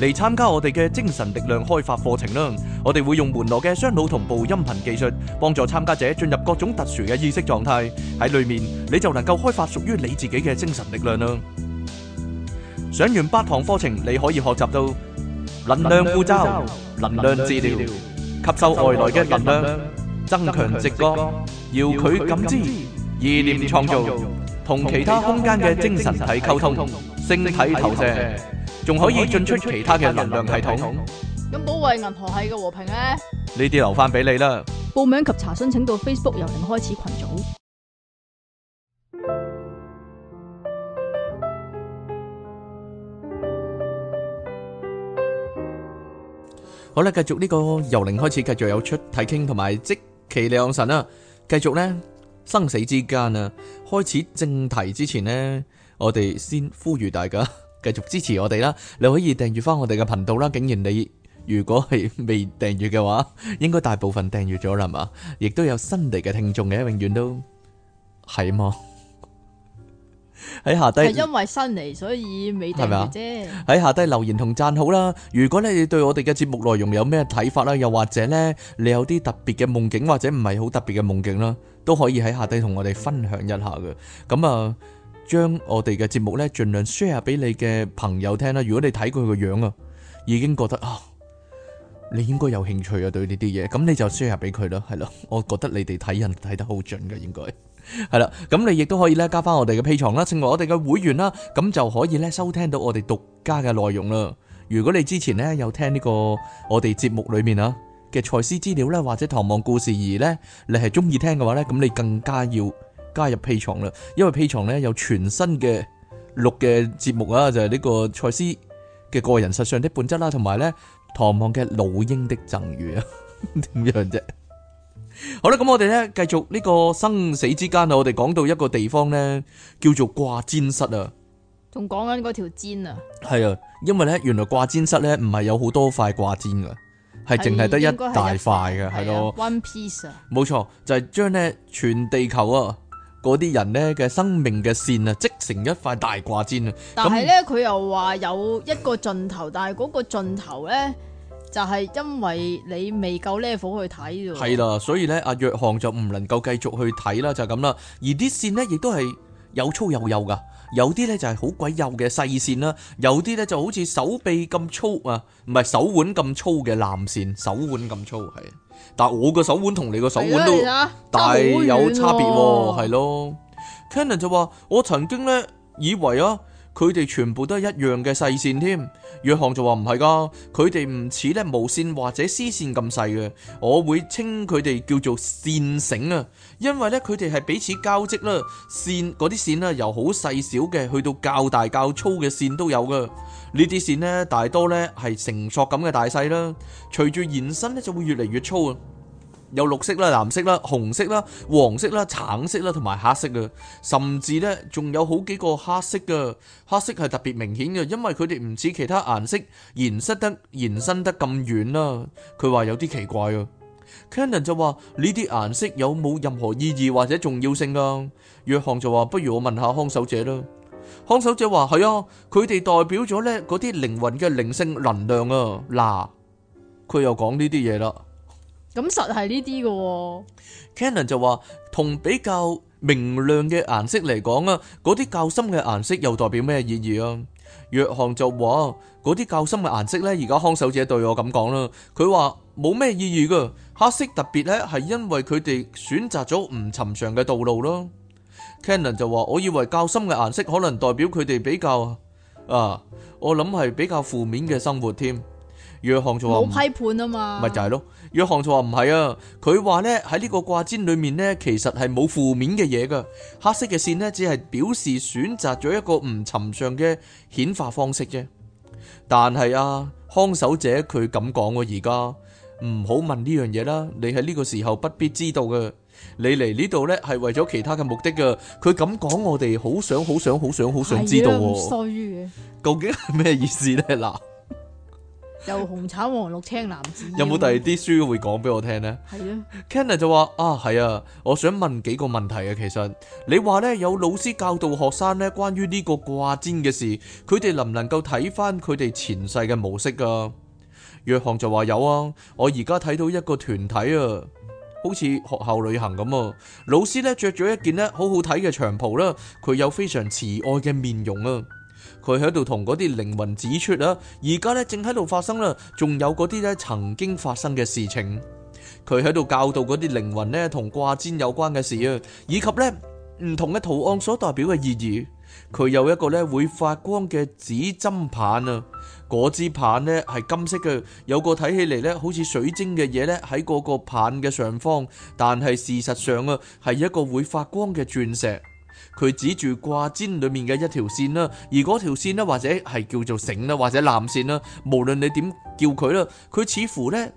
嚟參加我哋嘅精神力量開發課程啦！我哋會用門羅嘅雙腦同步音頻技術，幫助參加者進入各種特殊嘅意識狀態。喺裏面你就能夠開發屬於你自己嘅精神力量啦！上完八堂課程，你可以學習到能量護罩、能量治療、吸收外來嘅能量、增強直覺、遙距感知、意念創造、同其他空間嘅精神體溝通、星體投射。仲可以進出其他嘅能量系統。咁保衛銀河系嘅和平咧？呢啲留翻俾你啦。報名及查詢請到 Facebook 由零開始群組。 好啦，繼續呢個由零開始，繼續有出睇傾同埋即其兩神啦。繼續咧生死之間啦。開始正題之前呢，我哋先呼籲大家。 繼續支持我哋啦！你可以訂閱翻我哋嘅頻道啦。竟然，你如果係未訂閱嘅話，應該大部分訂閱咗啦，係嘛？亦都有新嚟嘅聽眾嘅，永遠都係嘛？喺 下低底係因為新嚟所以未訂閱啫。喺下低留言同讚好啦。如果你對我哋嘅節目內容有咩睇法啦，又或者呢，你有啲特別嘅夢境或者唔係好特別嘅夢境啦，都可以喺下低同我哋分享一下嘅。咁啊～將我哋嘅節目咧盡量 share 俾你嘅朋友聽啦。如果你睇過佢個樣啊，已經覺得啊，你應該有興趣啊對呢啲嘢，咁你就 share 俾佢啦，係咯。我覺得你哋睇人睇得好準嘅，應該係啦。咁 你亦都可以呢，加翻我哋嘅 P 床啦，成為我哋嘅會員啦，咁就可以呢，收聽到我哋獨家嘅內容啦。如果你之前呢，有聽呢、這個我哋節目裏面啊嘅財師資料呢，或者唐望故事而呢，你係中意聽嘅話呢，咁你更加要。加入 Patreon 啦，因為 Patreon 咧有全新嘅錄嘅節目啊，就係、是、呢個賽斯嘅個人實相的本質啦，同埋咧唐望嘅老鷹的贈予啊，點 樣啫？好啦，咁、嗯、我哋咧繼續呢、這個生死之間啊，我哋講到一個地方咧，叫做掛氈室啊，仲講緊嗰條氈啊，係啊，因為咧原來掛氈室咧唔係有好多塊掛氈噶，係淨係得一大塊嘅，係咯、啊，one piece，啊，冇錯，就係、是、將咧全地球啊。嗰啲人呢嘅生命嘅線啊，織成一塊大掛氈啊。但係呢，佢又話有一個盡頭，但係嗰個盡頭呢，就係、是、因為你未夠 level 去睇啫。係啦，所以呢、啊，阿約翰就唔能夠繼續去睇啦，就咁、是、啦。而啲線呢，亦都係有粗有幼噶，有啲呢，就係好鬼幼嘅細線啦，有啲呢，就好似手臂咁粗啊，唔係手腕咁粗嘅藍線，手腕咁粗係。但我嘅手腕同你嘅手腕的都大有差別喎，係咯、啊。Canon 就話我曾經咧以為啊，佢哋全部都係一樣嘅細綫添。約翰就話唔係噶，佢哋唔似咧毛綫或者絲綫咁細嘅，我會稱佢哋叫做綫繩啊。因為咧，佢哋係彼此交織啦，線嗰啲線啦，由好細小嘅，去到較大較粗嘅線都有噶。呢啲線咧，大多咧係繩索咁嘅大細啦。隨住延伸咧，就會越嚟越粗啊。有綠色啦、藍色啦、紅色啦、黃色啦、橙色啦，同埋黑色啊。甚至咧，仲有好幾個黑色噶。黑色係特別明顯嘅，因為佢哋唔似其他顏色延伸得延伸得咁遠啦。佢話有啲奇怪啊。Canon 就話呢啲顏色有冇任何意義或者重要性啊？約翰就話，不如我問下康守者啦。康守者話係啊，佢哋代表咗咧嗰啲靈魂嘅靈性能量啊。嗱，佢又講呢啲嘢啦。咁實係呢啲嘅。Canon 就話同比較明亮嘅顏色嚟講啊，嗰啲較深嘅顏色又代表咩意義啊？約翰就話嗰啲較深嘅顏色咧，而家康守者對我咁講啦，佢話。冇咩意義噶，黑色特別咧係因為佢哋選擇咗唔尋常嘅道路咯。Cannon 就話，我以為較深嘅顏色可能代表佢哋比較啊，我諗係比較負面嘅生活添。約翰就話：冇批判啊嘛。咪就係咯。約翰就話唔係啊，佢話咧喺呢個掛氈裏面呢，其實係冇負面嘅嘢噶。黑色嘅線呢，只係表示選擇咗一個唔尋常嘅顯化方式啫。但係啊，看守者佢咁講喎，而家。唔好問呢樣嘢啦，你喺呢個時候不必知道嘅。你嚟呢度呢係為咗其他嘅目的嘅。佢咁講，我哋好想、好想、好想、好想知道。衰究竟係咩意思呢？嗱， 有紅橙黃綠青藍紫。有冇第二啲書會講俾我聽呢？係啊，Kenner 就話啊，係啊，我想問幾個問題啊。其實你話呢，有老師教導學生呢，關於呢個掛氈嘅事，佢哋能唔能夠睇翻佢哋前世嘅模式啊？」約翰就話有啊，我而家睇到一個團體啊，好似學校旅行咁啊，老師咧着咗一件咧好好睇嘅長袍啦，啊，佢有非常慈愛嘅面容啊，佢喺度同嗰啲靈魂指出啊，而家咧正喺度發生啦，啊，仲有嗰啲咧曾經發生嘅事情，佢喺度教導嗰啲靈魂咧同掛氈有關嘅事啊，以及咧唔同嘅圖案所代表嘅意義。佢有一個咧會發光嘅指針棒啊，嗰支棒呢係金色嘅，有個睇起嚟咧好似水晶嘅嘢咧喺嗰個棒嘅上方，但係事實上啊係一個會發光嘅鑽石。佢指住掛氈裡面嘅一條線啦，而嗰條線咧或者係叫做繩啦，或者纜線啦，無論你點叫佢啦，佢似乎呢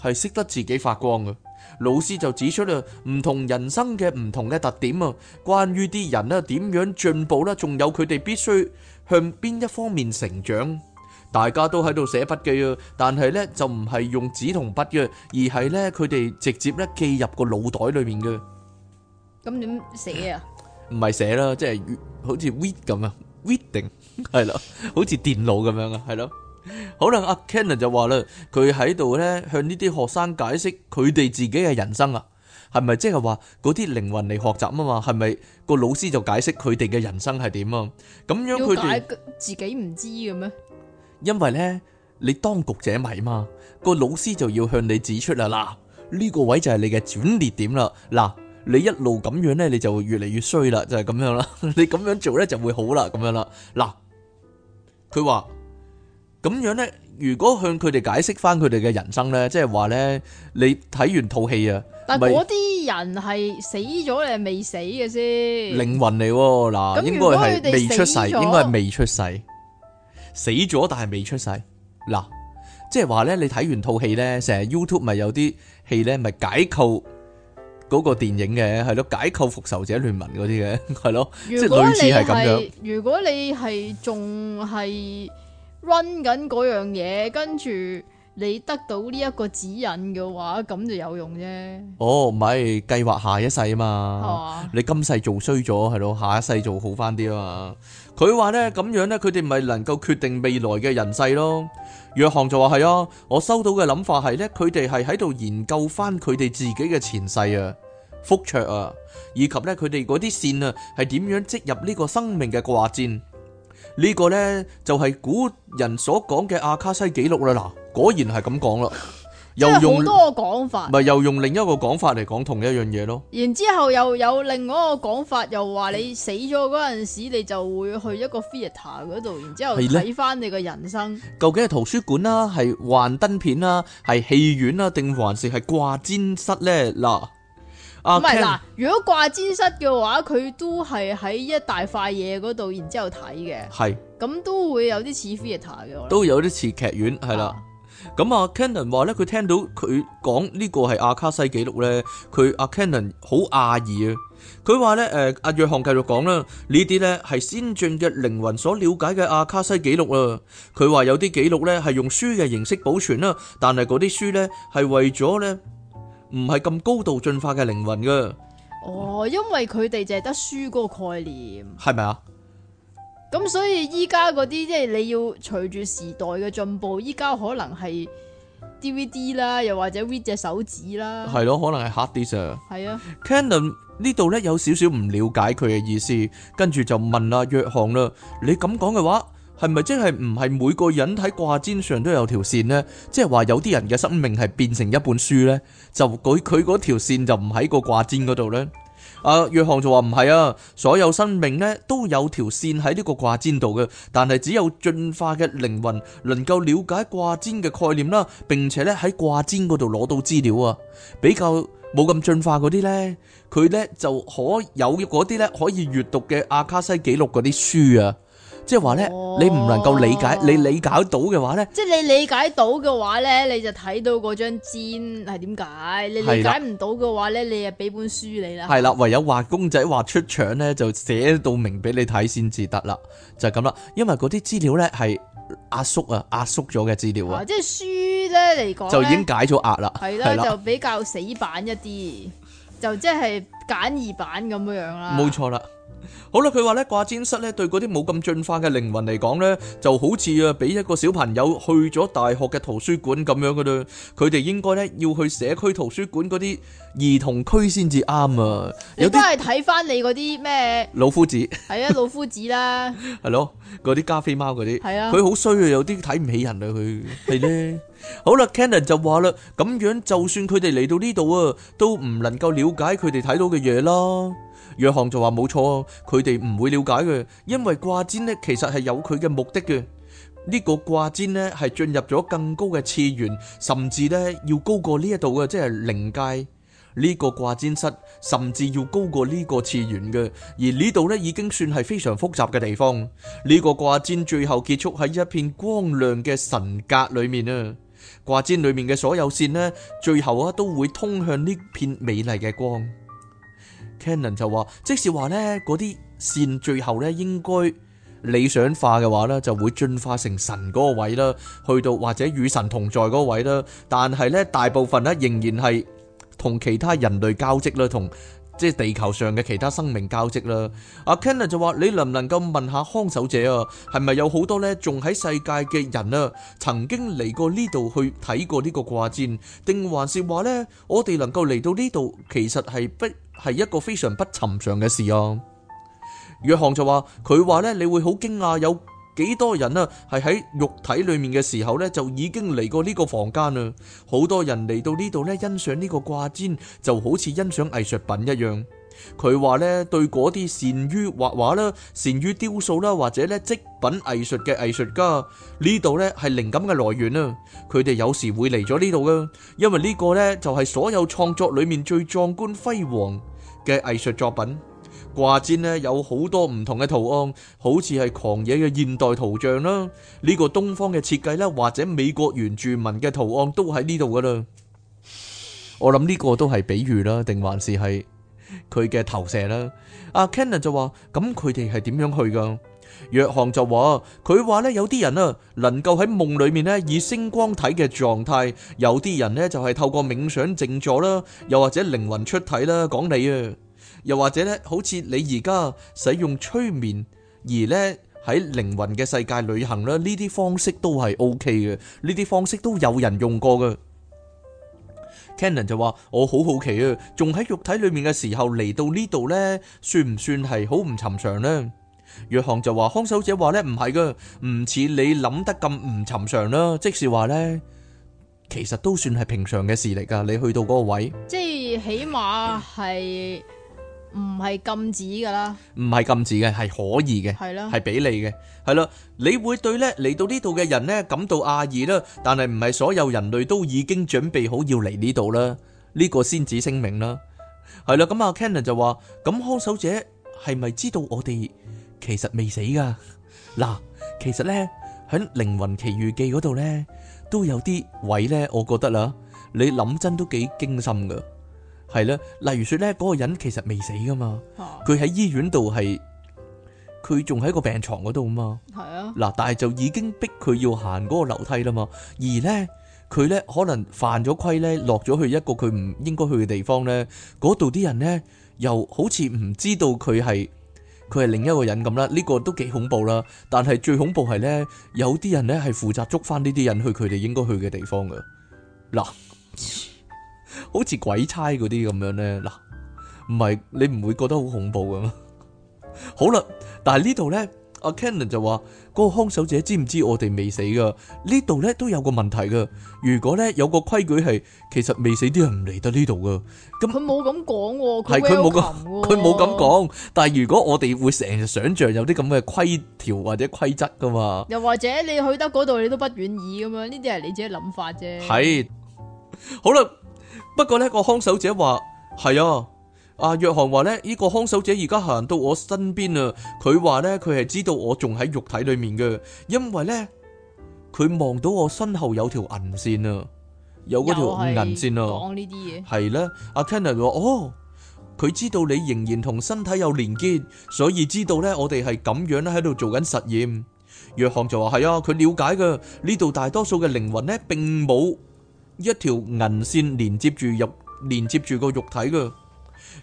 係識得自己發光嘅。老師就指出啊，唔同人生嘅唔同嘅特點啊，關於啲人呢點樣進步啦，仲有佢哋必須向邊一方面成長。大家都喺度寫筆記啊，但係呢就唔係用紙同筆嘅，而係呢佢哋直接呢記入個腦袋裏面嘅。咁點寫啊？唔係寫啦，即係好似 read 咁啊，reading 係啦，好似電腦咁樣啊，係咯。好啦，阿 Ken 就話啦，佢喺度咧向呢啲學生解釋佢哋自己嘅人生啊，係咪即係話嗰啲靈魂嚟學習啊嘛？係咪個老師就解釋佢哋嘅人生係點啊？咁樣佢哋自己唔知咁咩？因為咧，你當局者迷嘛，個老師就要向你指出啦，嗱，呢個位就係你嘅轉捩點啦，嗱，你一路咁樣咧，你就會越嚟越衰啦，就係咁樣啦，你咁樣做咧就會好啦，咁樣啦，嗱，佢話。咁樣咧，如果向佢哋解釋翻佢哋嘅人生咧，即係話咧，你睇完套戲啊，但係嗰啲人係死咗定係未死嘅先？靈魂嚟嗱，如應該係未出世，應該係未出世，死咗但係未出世。嗱，即係話咧，你睇完套戲咧，成日 YouTube 咪有啲戲咧，咪解構嗰個電影嘅，係咯，解構《復仇者聯盟》嗰啲嘅，係咯，即係類似係咁樣。如果你係仲係。run 緊嗰樣嘢，跟住你得到呢一個指引嘅話，咁就有用啫。哦，唔係計劃下一世啊嘛，啊你今世做衰咗係咯，下一世做好翻啲啊嘛。佢話呢，咁樣呢，佢哋咪能夠決定未來嘅人世咯。約翰就話係啊，我收到嘅諗法係呢，佢哋係喺度研究翻佢哋自己嘅前世啊、福卓啊，以及呢，佢哋嗰啲綫啊，係點樣植入呢個生命嘅掛氈。呢個呢，就係古人所講嘅阿卡西記錄啦，嗱，果然係咁講啦，又用多個講法，咪又用另一個講法嚟講同一樣嘢咯。然之後又有另外一個講法，又話你死咗嗰陣時，你就會去一個 theatre 嗰度，然之後睇翻你個人生。的究竟係圖書館啦，係幻燈片啦，係戲院啦，定還是係掛氈室呢？嗱。唔係嗱，啊、如果掛氈室嘅話，佢都係喺一大塊嘢嗰度，然之後睇嘅。係，咁都會有啲似 theater 嘅。都有啲似劇院，係、啊、啦。咁啊 Cannon 話咧，佢、啊、聽到佢講呢個係阿卡西記錄咧，佢阿 Cannon 好訝異啊。佢話咧，誒阿、呃、約翰繼續講啦，呢啲咧係先進嘅靈魂所了解嘅阿卡西記錄啊。佢話有啲記錄咧係用書嘅形式保存啦，但係嗰啲書咧係為咗咧。唔係咁高度進化嘅靈魂噶。哦，因為佢哋淨係得書嗰個概念，係咪啊？咁所以依家嗰啲即係你要隨住時代嘅進步，依家可能係 DVD 啦，又或者 read 隻手指啦，係咯，可能係 hard disk 啊。係啊，Canon 呢度咧有少少唔瞭解佢嘅意思，跟住就問阿約翰啦。你咁講嘅話，係咪即係唔係每個人喺掛氈上都有條線呢？即係話有啲人嘅生命係變成一本書呢，就佢佢嗰條線就唔喺個掛氈嗰度呢。阿約翰就話唔係啊，所有生命呢都有條線喺呢個掛氈度嘅，但係只有進化嘅靈魂能夠了解掛氈嘅概念啦，並且咧喺掛氈嗰度攞到資料啊。比較冇咁進化嗰啲呢，佢呢就可有嗰啲呢，可以閱讀嘅阿卡西記錄嗰啲書啊。即係話咧，你唔能夠理解，哦、你理解到嘅話咧，即係你理解到嘅話咧，你就睇到嗰張氈係點解？的你理解唔到嘅話咧，你啊俾本書你啦。係啦，唯有畫公仔畫出場咧，就寫到明俾你睇先至得啦，就係咁啦。因為嗰啲資料咧係壓縮啊，壓縮咗嘅資料啊。即係書咧嚟講，就已經解咗壓啦。係啦，就比較死板一啲，就即係簡易版咁樣樣啦。冇錯啦。好啦，佢話咧掛氈室咧，對嗰啲冇咁進化嘅靈魂嚟講咧，就好似啊俾一個小朋友去咗大學嘅圖書館咁樣噶啦，佢哋應該咧要去社區圖書館嗰啲兒童區先至啱啊！你都係睇翻你嗰啲咩？老夫子係啊， 老夫子啦，係咯， 嗰啲加菲貓嗰啲，係啊，佢好衰啊，有啲睇唔起人啊，佢係咧。 好啦，Cannon 就話啦，咁樣就算佢哋嚟到呢度啊，都唔能夠了解佢哋睇到嘅嘢啦。約翰就話冇錯，佢哋唔會了解嘅，因為掛氈咧其實係有佢嘅目的嘅。呢個掛氈咧係進入咗更高嘅次元，甚至咧要高過呢一度嘅即係靈界。呢個掛氈室甚至要高過呢個次元嘅，而呢度咧已經算係非常複雜嘅地方。呢個掛氈最後結束喺一片光亮嘅神格裏面啊！掛氈裏面嘅所有線呢最後啊都會通向呢片美麗嘅光。Canon 就話，即使話咧嗰啲線最後咧應該理想化嘅話咧，就會進化成神嗰個位啦，去到或者與神同在嗰個位啦。但係咧，大部分咧仍然係同其他人類交織啦，同即係地球上嘅其他生命交織啦。阿 Canon 就話：你能唔能夠問下看守者啊，係咪有好多咧仲喺世界嘅人啊，曾經嚟過呢度去睇過呢個掛氈，定還是話咧我哋能夠嚟到呢度其實係不？係一個非常不尋常嘅事啊！約翰就話佢話咧，你會好驚訝有幾多人啊，係喺肉體裏面嘅時候咧，就已經嚟過呢個房間啦。好多人嚟到呢度咧，欣賞呢個掛氈，就好似欣賞藝術品一樣。佢話咧，對嗰啲善於畫畫啦、善於雕塑啦或者咧織品藝術嘅藝術家，呢度咧係靈感嘅來源啊！佢哋有時會嚟咗呢度噶因為呢個咧就係所有創作裏面最壯觀輝煌嘅藝術作品。掛氈咧有好多唔同嘅圖案，好似係狂野嘅現代圖像啦，呢、這個東方嘅設計啦或者美國原住民嘅圖案都喺呢度噶啦。我諗呢個都係比喻啦，定還是係？佢嘅投射啦，阿 Kennan 就話：，咁佢哋係點樣去噶？約翰就話：，佢話咧有啲人啊，能夠喺夢裏面咧以星光體嘅狀態，有啲人咧就係透過冥想靜坐啦，又或者靈魂出體啦，講你啊，又或者咧好似你而家使用催眠而咧喺靈魂嘅世界旅行啦，呢啲方式都係 OK 嘅，呢啲方式都有人用過噶。Canon 就話：我好好奇啊，仲喺肉體裏面嘅時候嚟到呢度呢，算唔算係好唔尋常呢？約翰就話：看守者話呢，唔係噶，唔似你諗得咁唔尋常啦、啊。即是話呢，其實都算係平常嘅事嚟噶。你去到嗰個位，即係起碼係。唔係禁止噶啦，唔係禁止嘅，係可以嘅，係咯，係俾你嘅，係咯，你會對咧嚟到呢度嘅人咧感到訝異啦，但係唔係所有人類都已經準備好要嚟呢度啦，呢個先至聲明啦，係啦，咁阿 Kenner 就話，咁看守者係咪知道我哋其實未死噶？嗱，其實咧喺《靈魂奇遇記》嗰度咧都有啲位咧，我覺得啦，你諗真都幾驚心噶。係啦，例如說咧，嗰個人其實未死噶嘛，佢喺、啊、醫院度係，佢仲喺個病床嗰度嘛。係啊，嗱，但係就已經逼佢要行嗰個樓梯啦嘛。而咧，佢咧可能犯咗規咧，落咗去一個佢唔應該去嘅地方咧，嗰度啲人咧，又好似唔知道佢係佢係另一個人咁啦。呢、這個都幾恐怖啦。但係最恐怖係咧，有啲人咧係負責捉翻呢啲人去佢哋應該去嘅地方噶。嗱。 好似鬼差嗰啲咁樣咧，嗱，唔係你唔會覺得好恐怖噶？好啦，但係呢度咧，阿 Kennan 就話嗰個凶手者知唔知我哋未死噶？呢度咧都有個問題噶。如果咧有個規矩係，其實未死啲人唔嚟得呢度噶。咁佢冇咁講喎，係佢冇個，佢冇咁講。但係如果我哋會成日想象有啲咁嘅規條或者規則噶嘛？又或者你去得嗰度你都不願意咁樣，呢啲係你自己諗法啫。係，好啦。不過呢、那個看守者話係啊，阿、啊、約翰話呢，呢、這個看守者而家行到我身邊啊，佢話呢，佢係知道我仲喺肉體裏面嘅，因為呢，佢望到我身後有條銀線啊，有嗰條銀線啊，講呢啲嘢係啦，阿、啊、Kennan 話哦，佢知道你仍然同身體有連結，所以知道呢，我哋係咁樣咧喺度做緊實驗。約翰就話係啊，佢了解嘅，呢度大多數嘅靈魂呢，並冇。一條銀線連接住入連接住個肉體嘅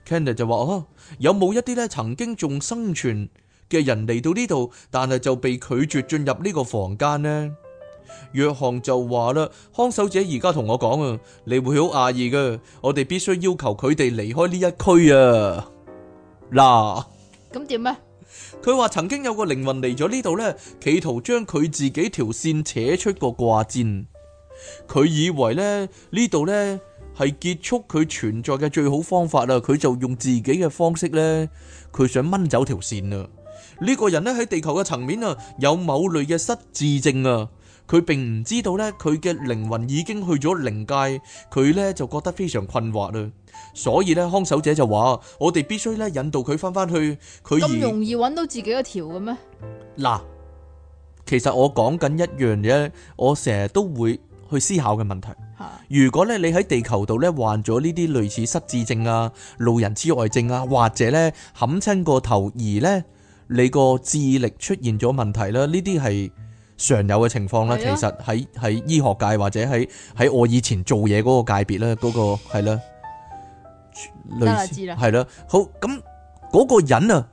，Candy 就話：，哦、啊，有冇一啲咧曾經仲生存嘅人嚟到呢度，但係就被拒絕進入呢個房間呢？約翰就話啦，看守者而家同我講啊，你會好訝異嘅，我哋必須要求佢哋離開呢一區啊。嗱，咁點咧？佢話曾經有個靈魂嚟咗呢度呢，企圖將佢自己條線扯出個掛氈。佢以為咧呢度咧，係結束佢存在嘅最好方法啦，佢就用自己嘅方式咧，佢想掹走條線啦。呢個人咧喺地球嘅層面啊，有某類嘅失智症啊，佢並唔知道咧佢嘅靈魂已經去咗靈界，佢咧就覺得非常困惑啦。所以咧，看守者就話：我哋必須咧引導佢翻翻去。佢咁容易揾到自己一條嘅咩？嗱，其實我講緊一樣嘢，我成日都會去思考嘅問題。如果咧你喺地球度咧患咗呢啲類似失智症啊、老人痴呆症啊，或者咧冚親個頭而呢，你個智力出現咗問題啦，呢啲係常有嘅情況啦。的其實喺喺醫學界或者喺喺我以前做嘢嗰個界別咧，嗰個係啦，類似係啦了。好，咁嗰個人啊，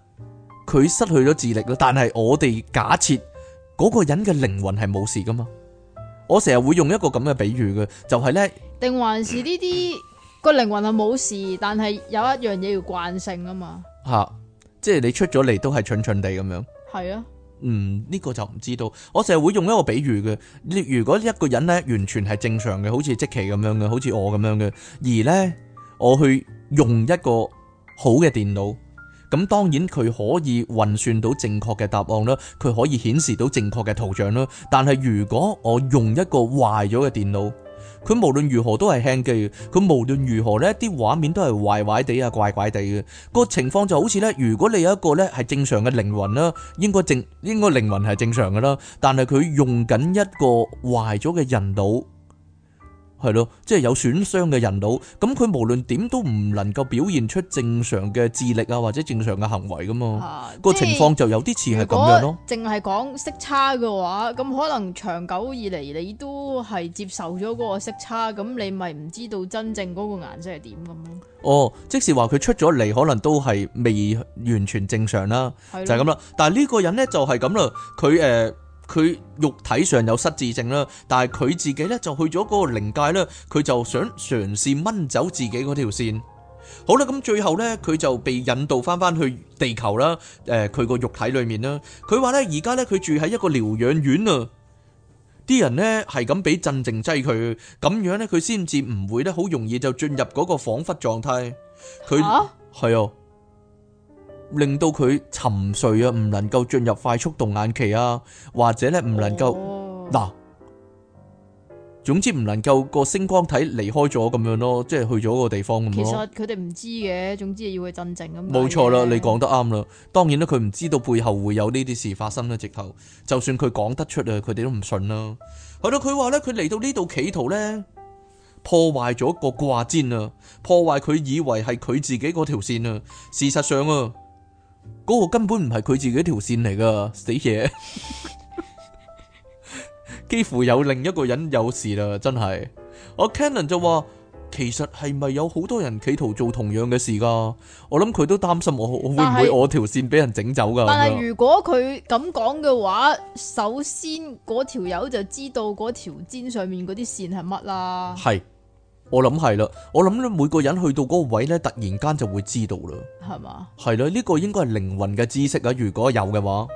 佢失去咗智力啦，但係我哋假設嗰個人嘅靈魂係冇事噶嘛？我成日會用一個咁嘅比喻嘅，就係、是、呢定還是呢啲個靈魂係冇事，但係有一樣嘢要慣性啊嘛。吓，即係你出咗嚟都係蠢蠢地咁樣。係對啊，嗯，呢、這個就唔知道。我成日會用一個比喻嘅，你如果一個人呢，完全係正常嘅，好似積奇咁樣嘅，好似我咁樣嘅，而呢，我去用一個好嘅電腦。咁當然佢可以運算到正確嘅答案啦，佢可以顯示到正確嘅圖像啦。但係如果我用一個壞咗嘅電腦，佢無論如何都係輕機嘅，佢無論如何呢啲畫面都係壞壞地啊，怪怪地嘅，個情況就好似呢，如果你有一個呢係正常嘅靈魂啦，應該正應該靈魂係正常嘅啦，但係佢用緊一個壞咗嘅人腦。係咯，即係有損傷嘅人腦，咁佢無論點都唔能夠表現出正常嘅智力啊，或者正常嘅行為噶嘛，個情況就有啲似係咁樣咯。淨係講色差嘅話，咁可能長久以嚟你都係接受咗嗰個色差，咁你咪唔知道真正嗰個顏色係點咁咯。哦，即使話佢出咗嚟，可能都係未完全正常啦，的就係咁啦。但係呢個人咧就係咁啦，佢誒。呃佢肉體上有失智症啦，但係佢自己呢就去咗嗰個靈界啦，佢就想嘗試掹走自己嗰條線。好啦，咁最後呢，佢就被引導翻翻去地球啦，誒佢個肉體裏面啦。佢話呢而家呢，佢住喺一個療養院啊，啲人呢係咁俾鎮靜劑佢，咁樣呢，佢先至唔會呢好容易就進入嗰個恍惚狀態。佢係、啊、哦。令到佢沉睡啊，唔能夠進入快速動眼期啊，或者咧唔能夠嗱、哦，總之唔能夠個星光體離開咗咁樣咯，即係去咗個地方咁咯。其實佢哋唔知嘅，總之要佢鎮靜咁。冇錯啦，啊、你講得啱啦。當然啦，佢唔知道背後會有呢啲事發生啦，直頭就算佢講得出啊，佢哋都唔信啦。係咯，佢話咧，佢嚟到呢度企圖咧破壞咗個掛氈啊，破壞佢以為係佢自己嗰條線啊，事實上啊。嗰個根本唔係佢自己條線嚟噶，死嘢！ 幾乎有另一個人有事啦，真係。我 Canon 就話，其實係咪有好多人企圖做同樣嘅事噶，啊？我諗佢都擔心我，我會唔會我條線俾人整走噶。但係如果佢咁講嘅話，首先嗰條友就知道嗰條氈上面嗰啲線係乜啦。係。我諗係啦，我諗咧每個人去到嗰個位咧，突然間就會知道啦，係嘛吧？係啦，呢個應該係靈魂嘅知識啊！如果有嘅話，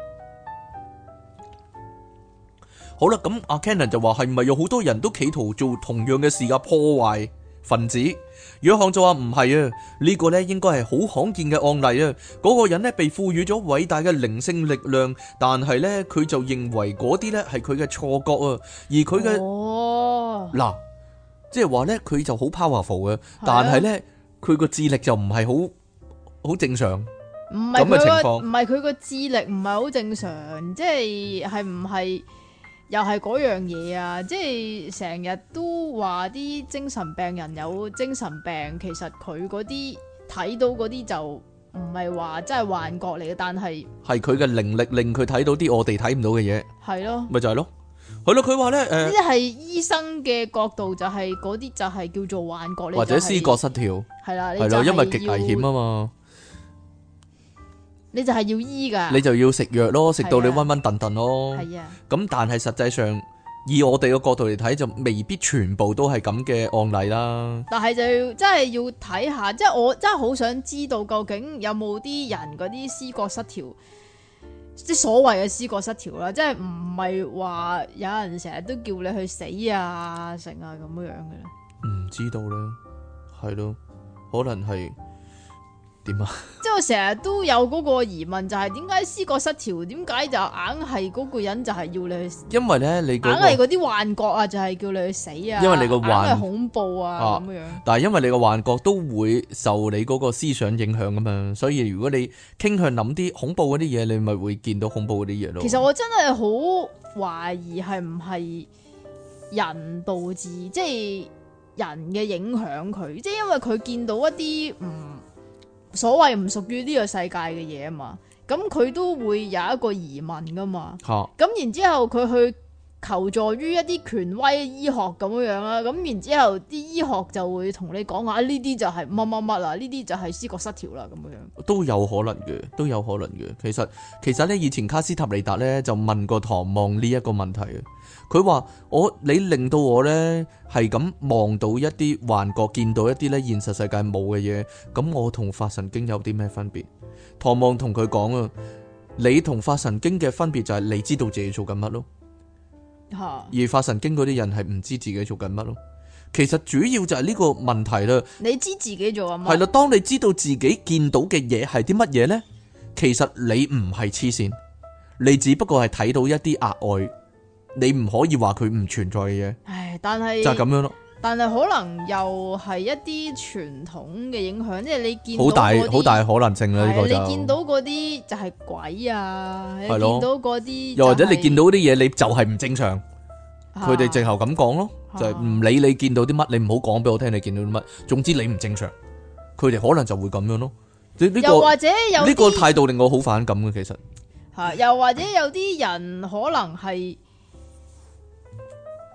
好啦，咁、嗯、阿 Kenan 就話係咪有好多人都企圖做同樣嘅事嘅、啊、破壞分子？約翰就話唔係啊，呢個呢應該係好罕見嘅案例啊！嗰個人呢，被賦予咗偉大嘅靈性力量，但係呢，佢就認為嗰啲呢係佢嘅錯覺啊，而佢嘅哦嗱。即係話咧，佢就好 powerful 嘅，但係咧，佢個的智力就唔係好好正常。唔係佢個咁嘅情況，唔係佢個智力唔係好正常，即係係唔係又係嗰樣嘢啊？即係成日都話啲精神病人有精神病，其實佢嗰啲睇到嗰啲就唔係話真係幻覺嚟嘅，但係係佢嘅靈力令佢睇到啲我哋睇唔到嘅嘢，係的咯，咪就係咯。係咯，佢話咧，誒、呃，呢啲係醫生嘅角度，就係嗰啲就係叫做幻覺，就是，或者思覺失調，係啦，係啦，因為極危險啊嘛，你就係要，要醫噶，你就要食藥咯，食到你溫溫頓頓咯，係啊，咁但係實際上以我哋嘅角度嚟睇，就未必全部都係咁嘅案例啦。但係就要真係要睇下，即係我真係好想知道，究竟有冇啲人嗰啲思覺失調？即係所謂嘅思覺失調啦，即係唔係話有人成日都叫你去死啊、成啊咁樣嘅咧？唔知道咧，係咯，可能係。點啊！即係我成日都有嗰個疑問，就係點解思覺失調，點解就硬係嗰個人就係要你去死？因為咧，你硬係嗰啲幻覺啊，就係、是、叫你去死啊！因為你個幻係恐怖啊咁、啊、樣。但係因為你個幻覺都會受你嗰個思想影響噶嘛，所以如果你傾向諗啲恐怖嗰啲嘢，你咪會見到恐怖嗰啲嘢咯。其實我真係好懷疑係唔係人導致，即係人嘅影響佢，即係因為佢見到一啲唔。嗯所謂唔屬於呢個世界嘅嘢啊嘛，咁佢都會有一個疑問噶嘛，咁、啊、然之後佢去求助於一啲權威醫學咁樣樣啦，咁然之後啲醫學就會同你講下呢啲就係乜乜乜啦，呢啲就係思覺失調啦咁樣樣，都有可能嘅，都有可能嘅。其實其實呢，以前卡斯塔尼達呢就問過唐望呢一個問題。佢話我你令到我呢，係咁望到一啲幻覺，見到一啲呢現實世界冇嘅嘢，咁我同發神經有啲咩分別？唐望同佢講啊，你同發神經嘅分別就係你知道自己做緊乜咯，而發神經嗰啲人係唔知自己做緊乜咯。其實主要就係呢個問題啦。你知自己做緊乜？係啦，當你知道自己見到嘅嘢係啲乜嘢呢？其實你唔係黐線，你只不過係睇到一啲額外。你唔可以話佢唔存在嘅嘢，唉，但係就係咁樣咯。但係可能又係一啲傳統嘅影響，即係你見到好大好大可能性啦。呢個就係你見到嗰啲就係鬼啊，見到嗰啲又或者你見到啲嘢，你就係唔正常。佢哋直頭咁講咯，就係唔理你見到啲乜，你唔好講俾我聽你見到啲乜。總之你唔正常，佢哋可能就會咁樣咯。又或者有呢個態度令我好反感嘅，其實又或者有啲人可能係。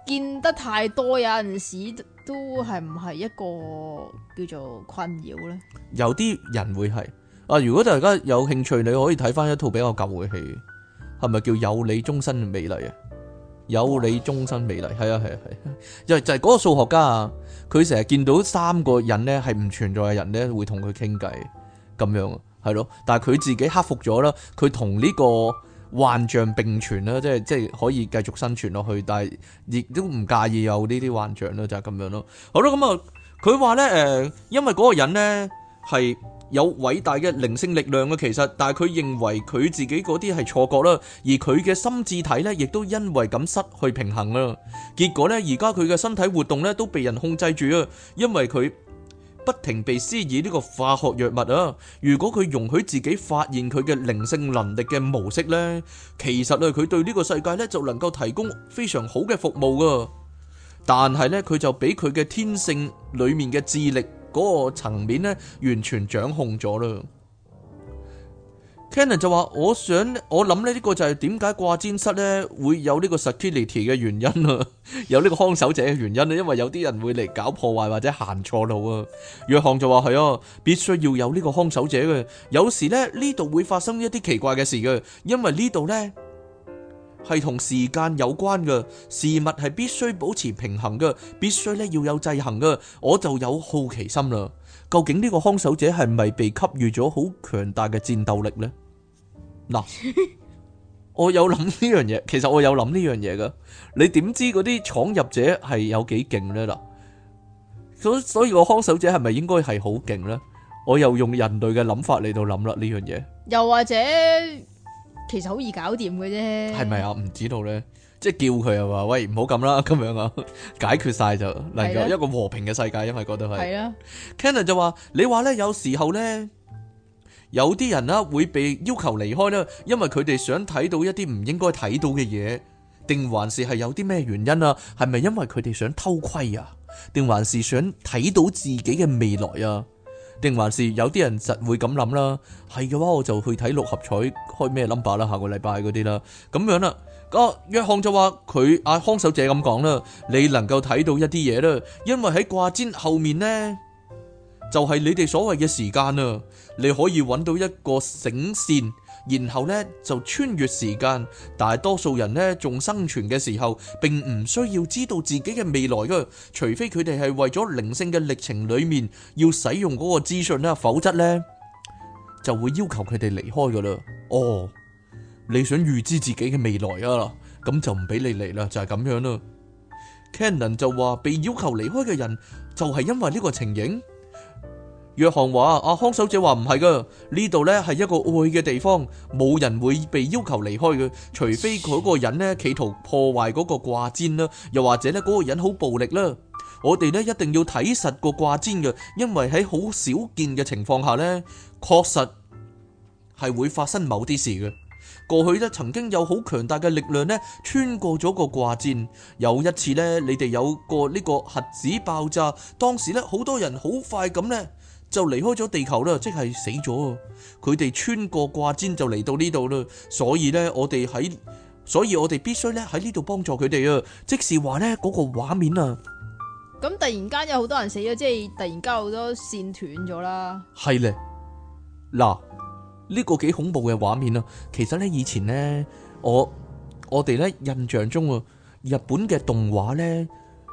見得太多，有陣時都係唔係一個叫做困擾呢？有啲人會係啊，如果大家有興趣，你可以睇翻一套比較舊嘅戲，係咪叫有你終身美麗啊？有你終身美麗，係哇啊係啊係，因、啊啊啊、就係、是、嗰個數學家啊，佢成日見到三個人呢係唔存在嘅人呢，會同佢傾偈咁樣，係咯、啊。但係佢自己克服咗啦，佢同呢個。幻象並存啦，即係即係可以繼續生存落去，但係亦都唔介意有呢啲幻象咯，就係咁樣咯。好啦，咁啊，佢話呢，誒、呃，因為嗰個人呢係有偉大嘅靈性力量嘅。其實，但係佢認為佢自己嗰啲係錯覺啦，而佢嘅心智體呢亦都因為咁失去平衡啦。結果呢，而家佢嘅身體活動呢都被人控制住啊，因為佢。不停被施以呢個化學藥物啊！如果佢容許自己發現佢嘅靈性能力嘅模式呢，其實咧，佢對呢個世界呢，就能夠提供非常好嘅服務噶。但係呢，佢就俾佢嘅天性裏面嘅智力嗰個層面呢，完全掌控咗啦。Canon 就話：我想，我諗咧呢個就係點解掛氈室咧會有呢個 security 嘅原因啊。 」有呢個看守者嘅原因咧、啊，因為有啲人會嚟搞破壞或者行錯路啊。約翰就話：係啊，必須要有呢個看守者嘅，有時咧呢度會發生一啲奇怪嘅事嘅，因為呢度咧係同時間有關嘅，事物係必須保持平衡嘅，必須咧要有制衡嘅。我就有好奇心啦。究竟呢個看守者係咪被給予咗好強大嘅戰鬥力呢？嗱， 我有諗呢樣嘢，其實我有諗呢樣嘢㗎。你點知嗰啲闖入者係有幾勁呢？嗱，所所以個看守者係咪應該係好勁呢？我又用人類嘅諗法嚟到諗啦呢樣嘢。又或者，其實好易搞掂嘅啫。係咪啊？唔知道呢。即係叫佢啊！話喂，唔好咁啦，咁樣啊，解決晒就嚟咗一個和平嘅世界，的因為覺得係。係啦的。Cannon 就話：你話咧，有時候咧，有啲人啦會被要求離開啦，因為佢哋想睇到一啲唔應該睇到嘅嘢，定還是係有啲咩原因啊？係咪因為佢哋想偷窺啊？定還是想睇到自己嘅未來啊？定還是有啲人實會咁諗啦？係嘅話，我就去睇六合彩開咩 number 啦，下個禮拜嗰啲啦，咁樣啦。個、哦、約翰就話佢阿康手姐咁講啦，你能夠睇到一啲嘢啦，因為喺掛氈後面呢，就係、是、你哋所謂嘅時間啊，你可以揾到一個繩線，然後呢，就穿越時間。大多數人呢，仲生存嘅時候，並唔需要知道自己嘅未來噶，除非佢哋係為咗靈性嘅歷程裏面要使用嗰個資訊啦，否則呢，就會要求佢哋離開噶啦。哦。你想預知自己嘅未來啊？咁就唔俾你嚟啦，就係、是、咁樣啦。Cannon 就話被要求離開嘅人，就係因為呢個情形。約翰話：阿、啊、康守者話唔係噶，呢度呢係一個愛嘅地方，冇人會被要求離開嘅，除非佢嗰個人呢企圖破壞嗰個掛氈啦，又或者呢嗰、那個人好暴力啦。我哋呢一定要睇實個掛氈嘅，因為喺好少見嘅情況下呢，確實係會發生某啲事嘅。過去咧，曾經有好強大嘅力量咧，穿過咗個掛氈。有一次咧，你哋有個呢個核子爆炸，當時咧好多人好快咁咧就離開咗地球啦，即係死咗。佢哋穿過掛氈就嚟到呢度啦，所以咧我哋喺，所以我哋必須咧喺呢度幫助佢哋啊。即是話咧嗰個畫面啊，咁突然間有好多人死咗，即係突然間好多線斷咗啦。係咧，嗱。呢個幾恐怖嘅畫面啊。其實呢，以前呢，我我哋呢印象中啊，日本嘅動畫呢，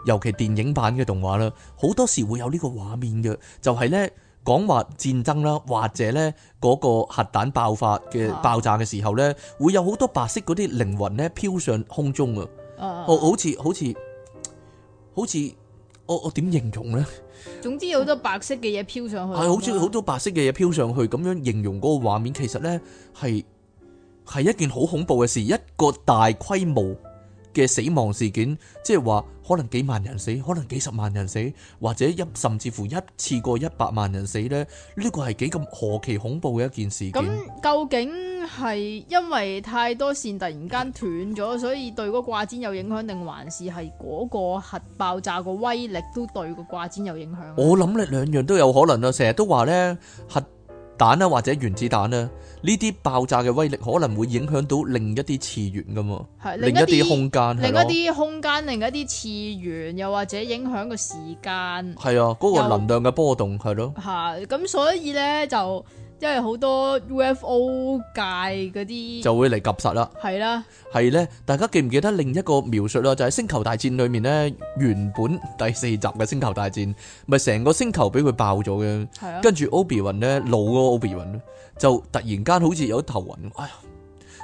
尤其電影版嘅動畫啦，好多時會有呢個畫面嘅，就係呢講話戰爭啦，或者呢嗰個核彈爆發嘅爆炸嘅時候呢，會有好多白色嗰啲靈魂呢，飄上空中啊，好似好似好似。好我我點形容呢？總之有好多白色嘅嘢飄上去，係好似好多白色嘅嘢飄上去咁樣形容嗰個畫面，其實呢係係一件好恐怖嘅事，一個大規模嘅死亡事件，即係話。可能幾萬人死，可能幾十萬人死，或者一甚至乎一次過一百萬人死咧，呢個係幾咁何其恐怖嘅一件事。咁究竟係因為太多線突然間斷咗，所以對嗰掛氈有影響，定還是係嗰個核爆炸個威力都對個掛氈有影響？我諗你兩樣都有可能啊！成日都話咧核彈啊，或者原子彈啊。呢啲爆炸嘅威力可能會影響到另一啲次元噶嘛，另一啲空間，的空間，另一啲空間，另一啲次元，又或者影響個時間，係啊，嗰個能量嘅波動係咯，嚇有，咁的所以咧就。因為好多 UFO 界嗰啲就會嚟及實啦，係啦，係咧，大家記唔記得另一個描述啦？就喺星球大戰裏面咧，原本第四集嘅星球大戰，咪成個星球俾佢爆咗嘅，係啊，跟住 Obi Wan 咧，老個 Obi Wan 就突然間好似有頭暈，哎呀！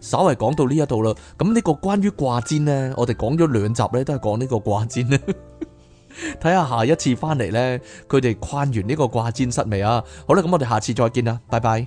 稍微講到呢一度啦，咁、這、呢個關於掛氈呢，我哋講咗兩集呢，都係講呢個掛氈咧。睇下下一次翻嚟呢，佢哋框完呢個掛氈室未啊？好啦，咁我哋下次再見啦，拜拜。